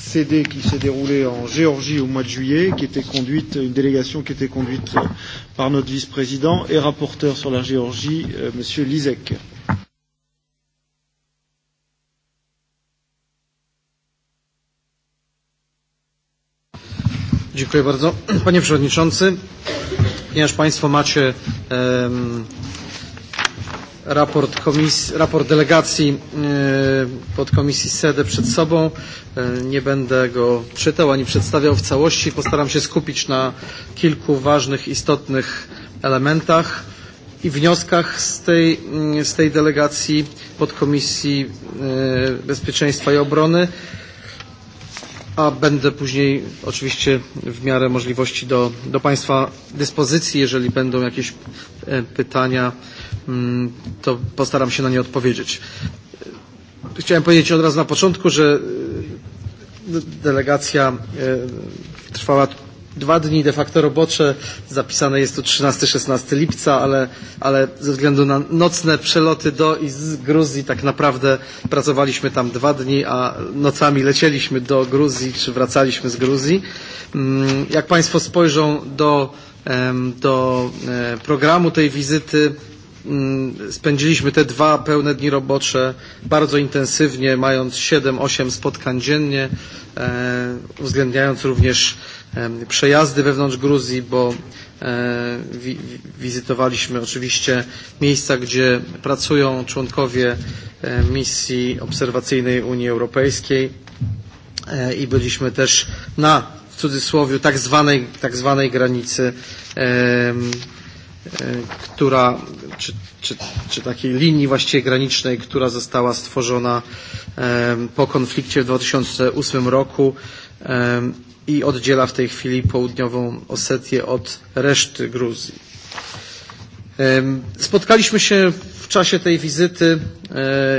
CD qui s'est déroulé en Géorgie au mois de juillet, qui était conduite, une délégation qui était conduite euh, par notre vice-président et rapporteur sur la Géorgie, euh, Monsieur Lisek. Dziękuję bardzo. Panie Przewodniczący, ponieważ Państwo macie um, raport, komis, raport delegacji podkomisji SEDE przed sobą. Nie będę go czytał ani przedstawiał w całości. Postaram się skupić na kilku ważnych, istotnych elementach i wnioskach z tej, mm, z tej delegacji podkomisji bezpieczeństwa i obrony a będę później oczywiście w miarę możliwości do, do Państwa dyspozycji, jeżeli będą jakieś pytania Mm, to postaram się na nie odpowiedzieć. Chciałem powiedzieć od razu na początku, że delegacja trwała dwa dni de facto robocze. Zapisane jest to 13-16 lipca, ale, ale ze względu na nocne przeloty do i z Gruzji tak naprawdę pracowaliśmy tam dwa dni, a nocami lecieliśmy do Gruzji czy wracaliśmy z Gruzji. Mm, jak Państwo spojrzą do, do programu tej wizyty, Mm, spędziliśmy te dwa pełne dni robocze bardzo intensywnie, mając 7-8 spotkań dziennie, uwzględniając również przejazdy wewnątrz Gruzji, bo wizytowaliśmy oczywiście miejsca, gdzie pracują członkowie misji obserwacyjnej Unii Europejskiej i byliśmy też na w cudzysłowie tak zwanej, tak zwanej granicy która, czy, czy, czy takiej linii właściwie granicznej, która została stworzona po konflikcie w 2008 roku i oddziela w tej chwili południową Osetię od reszty Gruzji. Spotkaliśmy się w czasie tej wizyty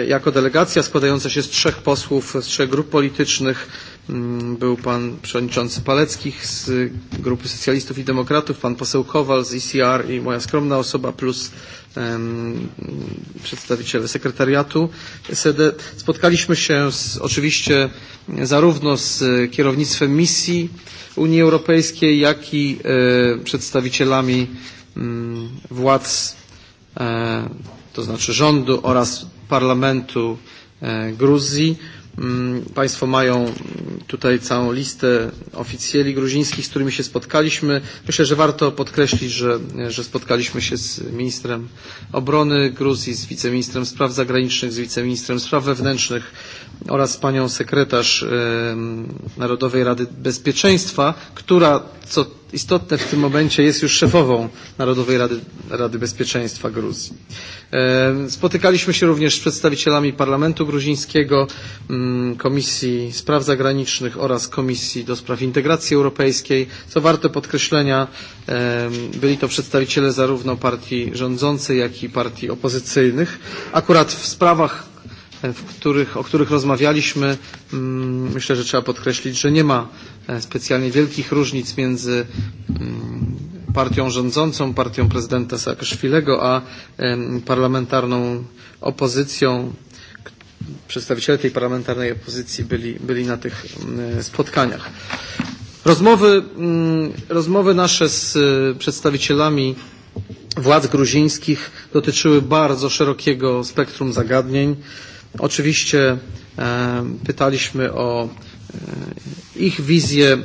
jako delegacja składająca się z trzech posłów z trzech grup politycznych Mm, był pan przewodniczący Paleckich z grupy socjalistów i demokratów, pan poseł Kowal z ICR i moja skromna osoba plus um, przedstawiciele sekretariatu SED. Spotkaliśmy się z, oczywiście zarówno z kierownictwem misji Unii Europejskiej, jak i e, przedstawicielami m, mm, władz, e, to znaczy rządu oraz parlamentu e, Gruzji Mm, państwo mają tutaj całą listę oficjeli gruzińskich, z którymi się spotkaliśmy. Myślę, że warto podkreślić, że, że spotkaliśmy się z ministrem obrony Gruzji, z wiceministrem spraw zagranicznych, z wiceministrem spraw wewnętrznych oraz panią sekretarz Narodowej Rady Bezpieczeństwa, która, co istotne w tym momencie, jest już szefową Narodowej Rady, Rady Bezpieczeństwa Gruzji. Spotykaliśmy się również z przedstawicielami Parlamentu Gruzińskiego, mm, Komisji Spraw Zagranicznych oraz Komisji do Spraw Integracji Europejskiej. Co warte podkreślenia, byli to przedstawiciele zarówno partii rządzącej, jak i partii opozycyjnych. Akurat w sprawach w których, o których rozmawialiśmy, mm, myślę, że trzeba podkreślić, że nie ma specjalnie wielkich różnic między mm, partią rządzącą, partią prezydenta Saakaszwilego, a parlamentarną opozycją. Przedstawiciele tej parlamentarnej opozycji byli, byli na tych mm, spotkaniach. Rozmowy, mm, rozmowy nasze z przedstawicielami władz gruzińskich dotyczyły bardzo szerokiego spektrum zagadnień. Oczywiście pytaliśmy o ich wizję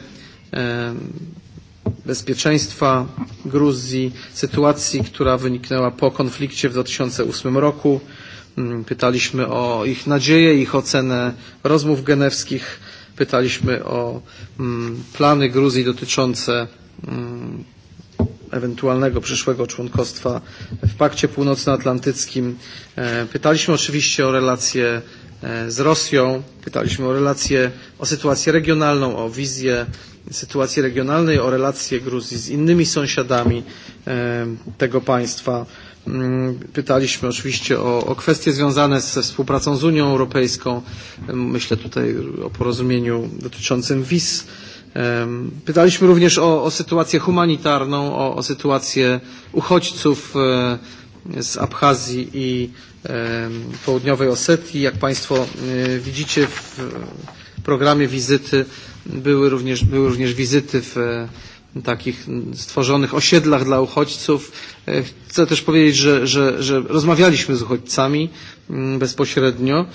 bezpieczeństwa Gruzji, sytuacji, która wyniknęła po konflikcie w 2008 roku. Mm, pytaliśmy o ich nadzieję, ich ocenę rozmów genewskich. Pytaliśmy o mm, plany Gruzji dotyczące mm, ewentualnego przyszłego członkostwa w Pakcie Północnoatlantyckim. Pytaliśmy oczywiście o relacje z Rosją. Pytaliśmy o relacje, o sytuację regionalną, o wizję sytuacji regionalnej, o relacje Gruzji z innymi sąsiadami tego państwa. Mm, pytaliśmy oczywiście o, o kwestie związane ze współpracą z Unią Europejską. Myślę tutaj o porozumieniu dotyczącym wiz. Pytaliśmy również o, o sytuację humanitarną, o, o sytuację uchodźców z Abchazji i Południowej Osetii. Jak Państwo widzicie w programie wizyty były również, były również wizyty w takich stworzonych osiedlach dla uchodźców. Chcę też powiedzieć, że, że, że rozmawialiśmy z uchodźcami mm, bezpośrednio,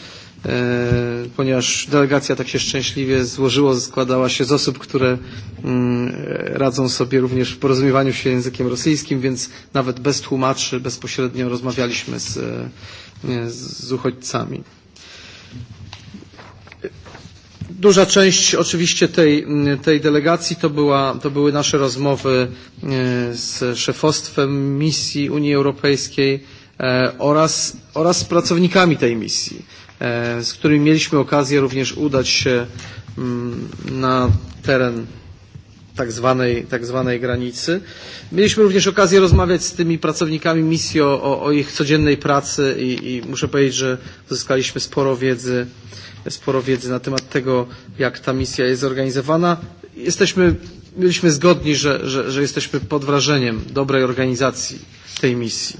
ponieważ delegacja tak się szczęśliwie złożyło, składała się z osób, które mm, radzą sobie również w porozumiewaniu się językiem rosyjskim, więc nawet bez tłumaczy bezpośrednio rozmawialiśmy z z uchodźcami. Duża część oczywiście tej, tej delegacji to, była, to były nasze rozmowy z szefostwem misji Unii Europejskiej oraz, oraz z pracownikami tej misji, z którymi mieliśmy okazję również udać się mm, na teren tak zwanej, tak zwanej granicy. Mieliśmy również okazję rozmawiać z tymi pracownikami misji o, o, o ich codziennej pracy i, i muszę powiedzieć, że uzyskaliśmy sporo wiedzy, sporo wiedzy na temat tego, jak ta misja jest zorganizowana. Jesteśmy, byliśmy zgodni, że, że, że jesteśmy pod wrażeniem dobrej organizacji tej misji.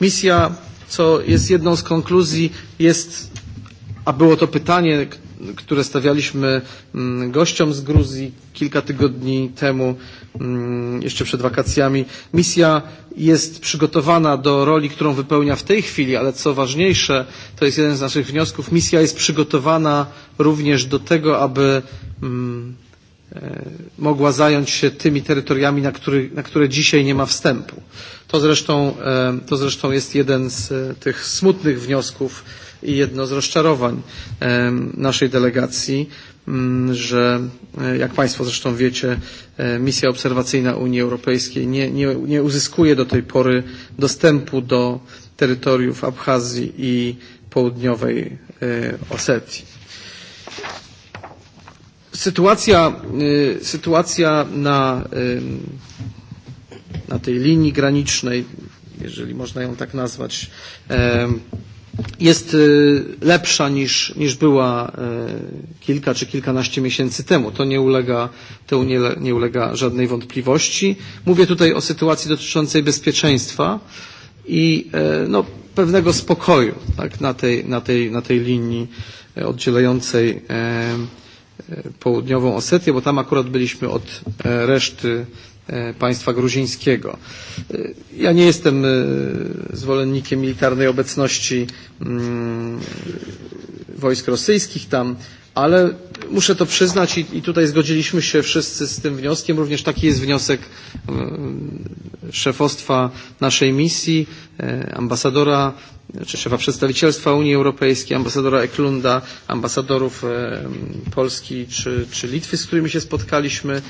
Misja, co jest jedną z konkluzji, jest, a było to pytanie, które stawialiśmy mm, gościom z Gruzji kilka tygodni temu, mm, jeszcze przed wakacjami. Misja jest przygotowana do roli, którą wypełnia w tej chwili, ale co ważniejsze, to jest jeden z naszych wniosków, misja jest przygotowana również do tego, aby mm, mogła zająć się tymi terytoriami, na, który, na które dzisiaj nie ma wstępu. To zresztą, to zresztą jest jeden z tych smutnych wniosków, i jedno z rozczarowań naszej delegacji, mm, że jak Państwo zresztą wiecie, misja obserwacyjna Unii Europejskiej nie, nie, nie uzyskuje do tej pory dostępu do terytoriów Abchazji i południowej Osetii. Sytuacja, sytuacja na, na tej linii granicznej, jeżeli można ją tak nazwać, jest lepsza niż, niż była kilka czy kilkanaście miesięcy temu. To nie ulega, to nie, nie ulega żadnej wątpliwości. Mówię tutaj o sytuacji dotyczącej bezpieczeństwa i no, pewnego spokoju tak, na, tej, na, tej, na tej linii oddzielającej południową Osetię, bo tam akurat byliśmy od reszty państwa gruzińskiego. Ja nie jestem zwolennikiem militarnej obecności mm, wojsk rosyjskich tam, ale muszę to przyznać i, tutaj zgodziliśmy się wszyscy z tym wnioskiem. Również taki jest wniosek mm, szefostwa naszej misji, ambasadora czy szefa przedstawicielstwa Unii Europejskiej, ambasadora Eklunda, ambasadorów Polski czy, czy Litwy, z którymi się spotkaliśmy,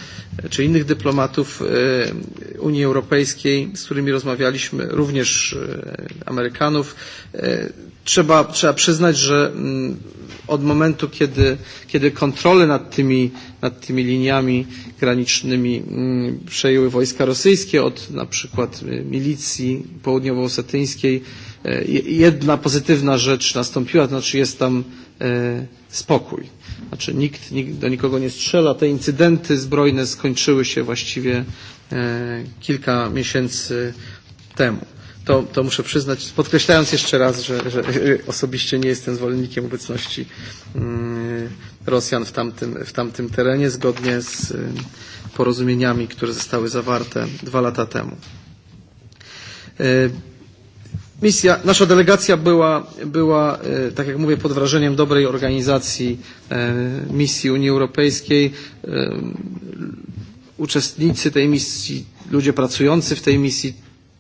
czy innych dyplomatów Unii Europejskiej, z którymi rozmawialiśmy, również Amerykanów. Trzeba, trzeba przyznać, że mm, od momentu, kiedy, kiedy kontrolę nad tymi, nad tymi liniami granicznymi mm, przejęły wojska rosyjskie, od na przykład milicji południowo-osetyńskiej, jedna pozytywna rzecz nastąpiła, to znaczy jest tam spokój. Znaczy nikt, nikt do nikogo nie strzela. Te incydenty zbrojne skończyły się właściwie kilka miesięcy temu. To, to muszę przyznać, podkreślając jeszcze raz, że, że osobiście nie jestem zwolennikiem obecności mm, Rosjan w tamtym, w tamtym terenie, zgodnie z porozumieniami, które zostały zawarte dwa lata temu. Misja, nasza delegacja była, była, tak jak mówię, pod wrażeniem dobrej organizacji misji Unii Europejskiej. Uczestnicy tej misji, ludzie pracujący w tej misji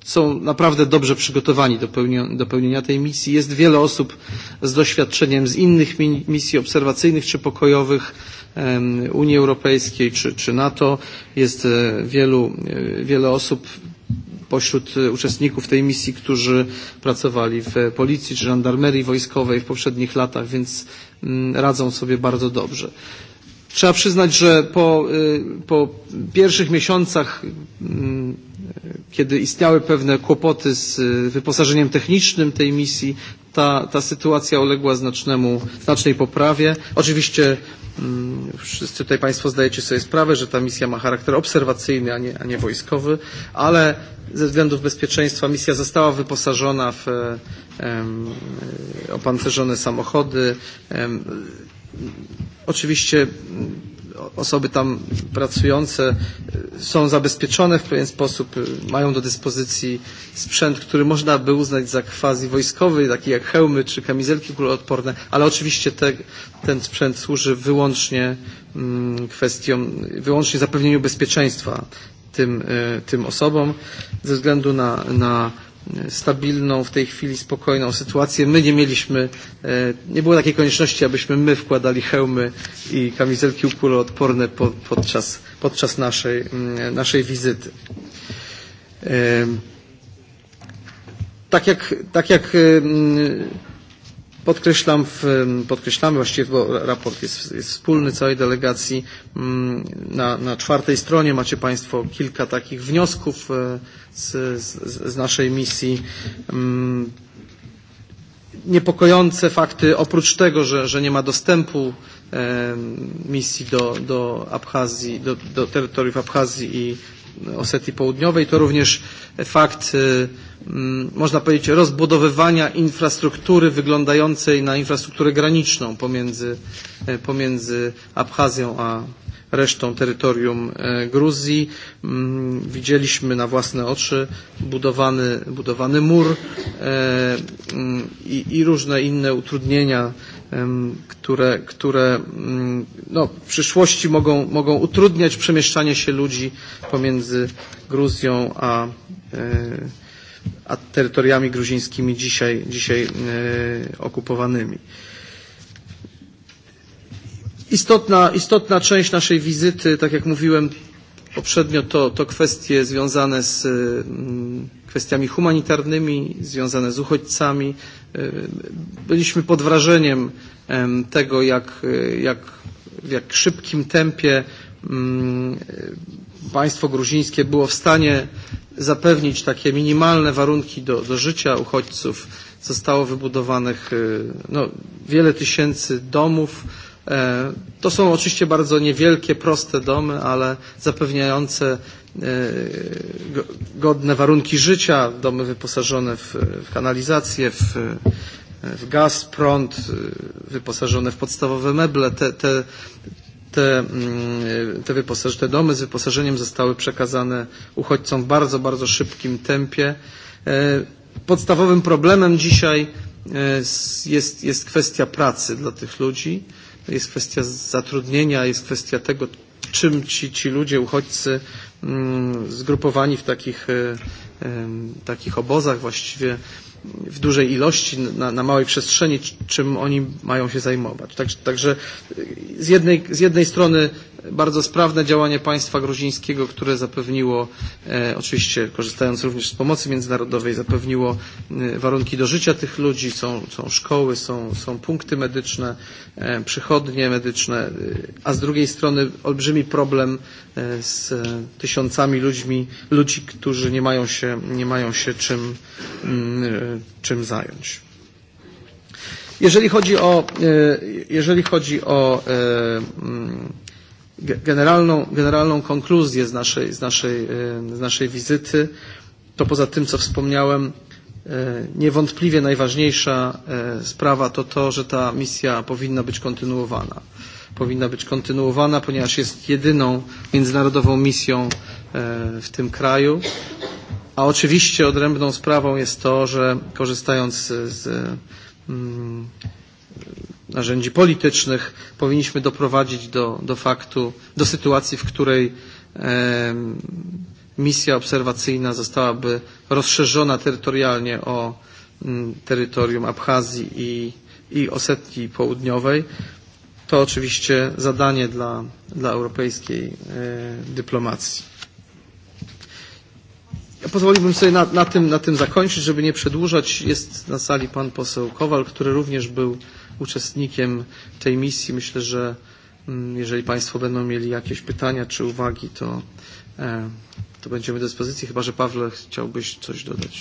są naprawdę dobrze przygotowani do, pełnia, do pełnienia tej misji. Jest wiele osób z doświadczeniem z innych misji obserwacyjnych czy pokojowych Unii Europejskiej czy, czy NATO. Jest wielu, wiele osób pośród uczestników tej misji, którzy pracowali w policji czy żandarmerii wojskowej w poprzednich latach, więc mm, radzą sobie bardzo dobrze. Trzeba przyznać, że po, po pierwszych miesiącach, mm, kiedy istniały pewne kłopoty z wyposażeniem technicznym tej misji, ta, ta sytuacja uległa znacznemu, znacznej poprawie. Oczywiście mm, wszyscy tutaj Państwo zdajecie sobie sprawę, że ta misja ma charakter obserwacyjny, a nie, a nie wojskowy, ale ze względów bezpieczeństwa misja została wyposażona w em, opancerzone samochody. Em, oczywiście osoby tam pracujące są zabezpieczone w pewien sposób, mają do dyspozycji sprzęt, który można by uznać za quasi wojskowy, taki jak hełmy czy kamizelki kuloodporne, ale oczywiście te, ten sprzęt służy wyłącznie mm, kwestiom, wyłącznie zapewnieniu bezpieczeństwa tym, tym osobom ze względu na, na stabilną, w tej chwili spokojną sytuację. My nie mieliśmy, nie było takiej konieczności, abyśmy my wkładali hełmy i kamizelki ukuloodporne podczas, podczas naszej, naszej wizyty. Tak jak, tak jak Podkreślam, w, podkreślamy właściwie, bo raport jest, jest wspólny całej delegacji. Mm, na, na czwartej stronie macie Państwo kilka takich wniosków z, z, z naszej misji mm, niepokojące fakty, oprócz tego, że, że nie ma dostępu misji do, do Abchazji, do, do terytoriów Abchazji i Osetii Południowej. To również fakt, mm, można powiedzieć, rozbudowywania infrastruktury wyglądającej na infrastrukturę graniczną pomiędzy, pomiędzy Abchazją a resztą terytorium Gruzji. Mm, widzieliśmy na własne oczy budowany, budowany mur mm, i, i różne inne utrudnienia które, które mm, no, w przyszłości mogą, mogą utrudniać przemieszczanie się ludzi pomiędzy Gruzją a, a terytoriami gruzińskimi dzisiaj, dzisiaj okupowanymi. Istotna, istotna część naszej wizyty, tak jak mówiłem poprzednio, to, to kwestie związane z mm, kwestiami humanitarnymi, związane z uchodźcami, byliśmy pod wrażeniem tego, jak, jak, w jak szybkim tempie mm, państwo gruzińskie było w stanie zapewnić takie minimalne warunki do, do życia uchodźców. Zostało wybudowanych no, wiele tysięcy domów, To są oczywiście bardzo niewielkie, proste domy, ale zapewniające godne warunki życia, domy wyposażone w, kanalizację, w, w gaz, prąd, wyposażone w podstawowe meble. Te, te, te, mm, te, wyposaż, te domy z wyposażeniem zostały przekazane uchodźcom w bardzo, bardzo szybkim tempie. Podstawowym problemem dzisiaj jest, jest kwestia pracy dla tych ludzi jest kwestia zatrudnienia, jest kwestia tego, czym ci, ci ludzie, uchodźcy mm, zgrupowani w takich, takich obozach właściwie w dużej ilości, na, na małej przestrzeni, czym oni mają się zajmować. Także, także z jednej, z jednej strony bardzo sprawne działanie państwa gruzińskiego, które zapewniło, e, oczywiście korzystając również z pomocy międzynarodowej, zapewniło e, warunki do życia tych ludzi, są, są szkoły, są, są punkty medyczne, e, przychodnie medyczne, a z drugiej strony olbrzymi problem e, z e, tysiącami ludźmi, ludzi, którzy nie mają się, nie mają się czym. Mm, e, czym zająć. Jeżeli chodzi o, jeżeli chodzi o mm, generalną, generalną konkluzję z naszej, z, naszej, z naszej wizyty, to poza tym, co wspomniałem, niewątpliwie najważniejsza sprawa to to, że ta misja powinna być kontynuowana. Powinna być kontynuowana, ponieważ jest jedyną międzynarodową misją w tym kraju a oczywiście odrębną sprawą jest to, że korzystając z, z mm, narzędzi politycznych powinniśmy doprowadzić do, do faktu, do sytuacji, w której e, misja obserwacyjna zostałaby rozszerzona terytorialnie o m, mm, terytorium Abchazji i, i Osetii Południowej. To oczywiście zadanie dla, dla europejskiej e, dyplomacji. Ja pozwoliłbym sobie na, na, tym, na tym zakończyć, żeby nie przedłużać. Jest na sali pan poseł Kowal, który również był uczestnikiem tej misji. Myślę, że mm, jeżeli Państwo będą mieli jakieś pytania czy uwagi, to, to będziemy do dyspozycji, chyba że Pawle chciałbyś coś dodać.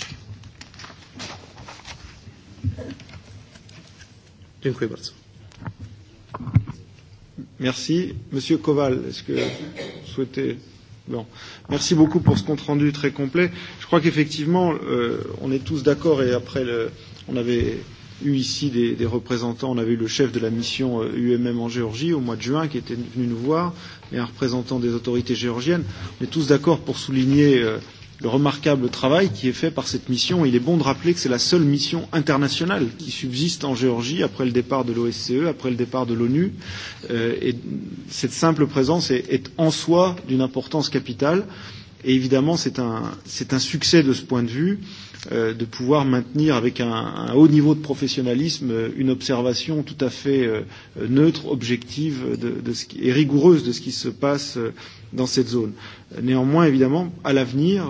Dziękuję bardzo. Merci. Monsieur Kowal, est-ce que vous souhaitez Bon. Merci beaucoup pour ce compte rendu très complet. Je crois qu'effectivement, euh, on est tous d'accord et après, le, on avait eu ici des, des représentants, on avait eu le chef de la mission euh, UMM en Géorgie au mois de juin qui était venu nous voir et un représentant des autorités géorgiennes. On est tous d'accord pour souligner. Euh, le remarquable travail qui est fait par cette mission. Il est bon de rappeler que c'est la seule mission internationale qui subsiste en Géorgie après le départ de l'OSCE, après le départ de l'ONU. Euh, et cette simple présence est, est en soi d'une importance capitale. Euh, Et évidemment, c'est un, un succès de ce point de vue euh, de pouvoir maintenir avec un, un haut niveau de professionnalisme euh, une observation tout à fait euh, neutre, objective de, de ce qui, et rigoureuse de ce qui se passe euh, dans cette zone. Néanmoins, évidemment, à l'avenir,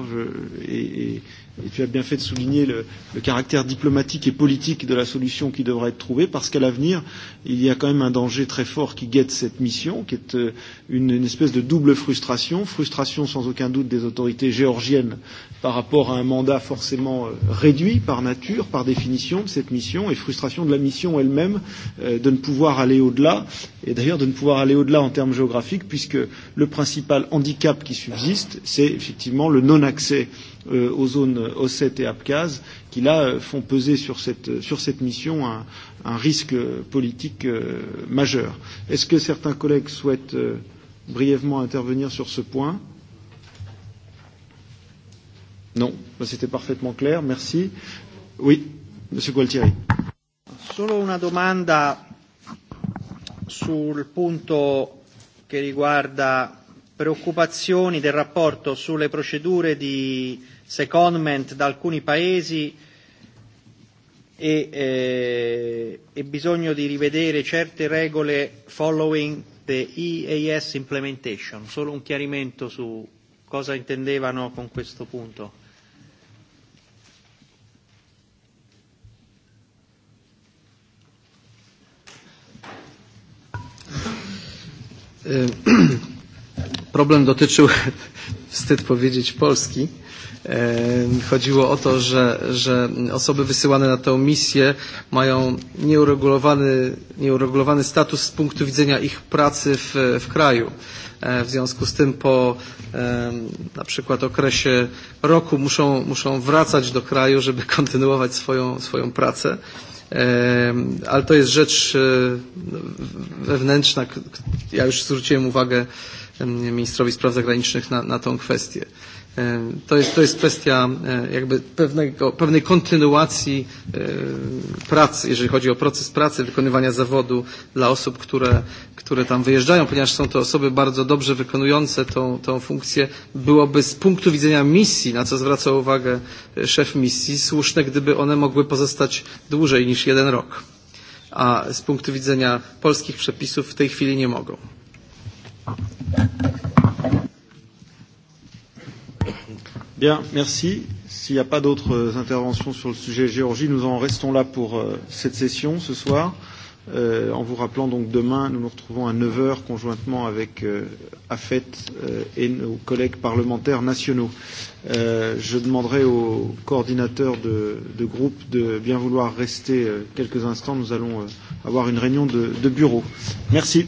et, et Et tu as bien fait de souligner le, le caractère diplomatique et politique de la solution qui devrait être trouvée, parce qu'à l'avenir, il y a quand même un danger très fort qui guette cette mission, qui est euh, une, une espèce de double frustration. Frustration sans aucun doute des autorités géorgiennes par rapport à un mandat forcément euh, réduit par nature, par définition de cette mission, et frustration de la mission elle-même euh, de ne pouvoir aller au-delà, et d'ailleurs de ne pouvoir aller au-delà en termes géographiques, puisque le principal handicap qui subsiste, c'est effectivement le non-accès euh, aux zones ossètes et Abkhaz, qui là font peser sur cette, sur cette mission un, un risque politique euh, majeur. Est-ce que certains collègues souhaitent euh, brièvement intervenir sur ce point Non, ben, c'était parfaitement clair, merci. Oui, Monsieur Gualtieri. Solo una domanda sul punto che riguarda preoccupazioni del rapporto sulle procedure di secondment da alcuni paesi e, eh, e bisogno di rivedere certe regole following the EAS implementation. Solo un chiarimento su cosa intendevano con questo punto. [clears throat] Problem dotyczył, [laughs] wstyd powiedzieć, Polski Chodziło o to, że, że osoby wysyłane na tę misję mają nieuregulowany, nieuregulowany status z punktu widzenia ich pracy w, w kraju. W związku z tym po na przykład okresie roku muszą, muszą wracać do kraju, żeby [laughs] kontynuować swoją, swoją pracę. Ale to jest rzecz wewnętrzna. Ja już zwróciłem uwagę ministrowi spraw zagranicznych na, na tą kwestię. To jest, to jest kwestia jakby pewnego, pewnej kontynuacji pracy, jeżeli chodzi o proces pracy, wykonywania zawodu dla osób, które, które tam wyjeżdżają, ponieważ są to osoby bardzo dobrze wykonujące tą, tą funkcję. Byłoby z punktu widzenia misji, na co zwraca uwagę szef misji, słuszne, gdyby one mogły pozostać dłużej niż jeden rok, a z punktu widzenia polskich przepisów w tej chwili nie mogą. Bien, merci. S'il n'y a pas d'autres euh, interventions sur le sujet Géorgie, nous en restons là pour euh, cette session ce soir. Euh, en vous rappelant donc demain, nous nous retrouvons à 9h conjointement avec euh, AFET euh, et nos collègues parlementaires nationaux. Euh, je demanderai aux coordinateurs de, de groupe de bien vouloir rester euh, quelques instants. Nous allons euh, avoir une réunion de, de bureau. Merci.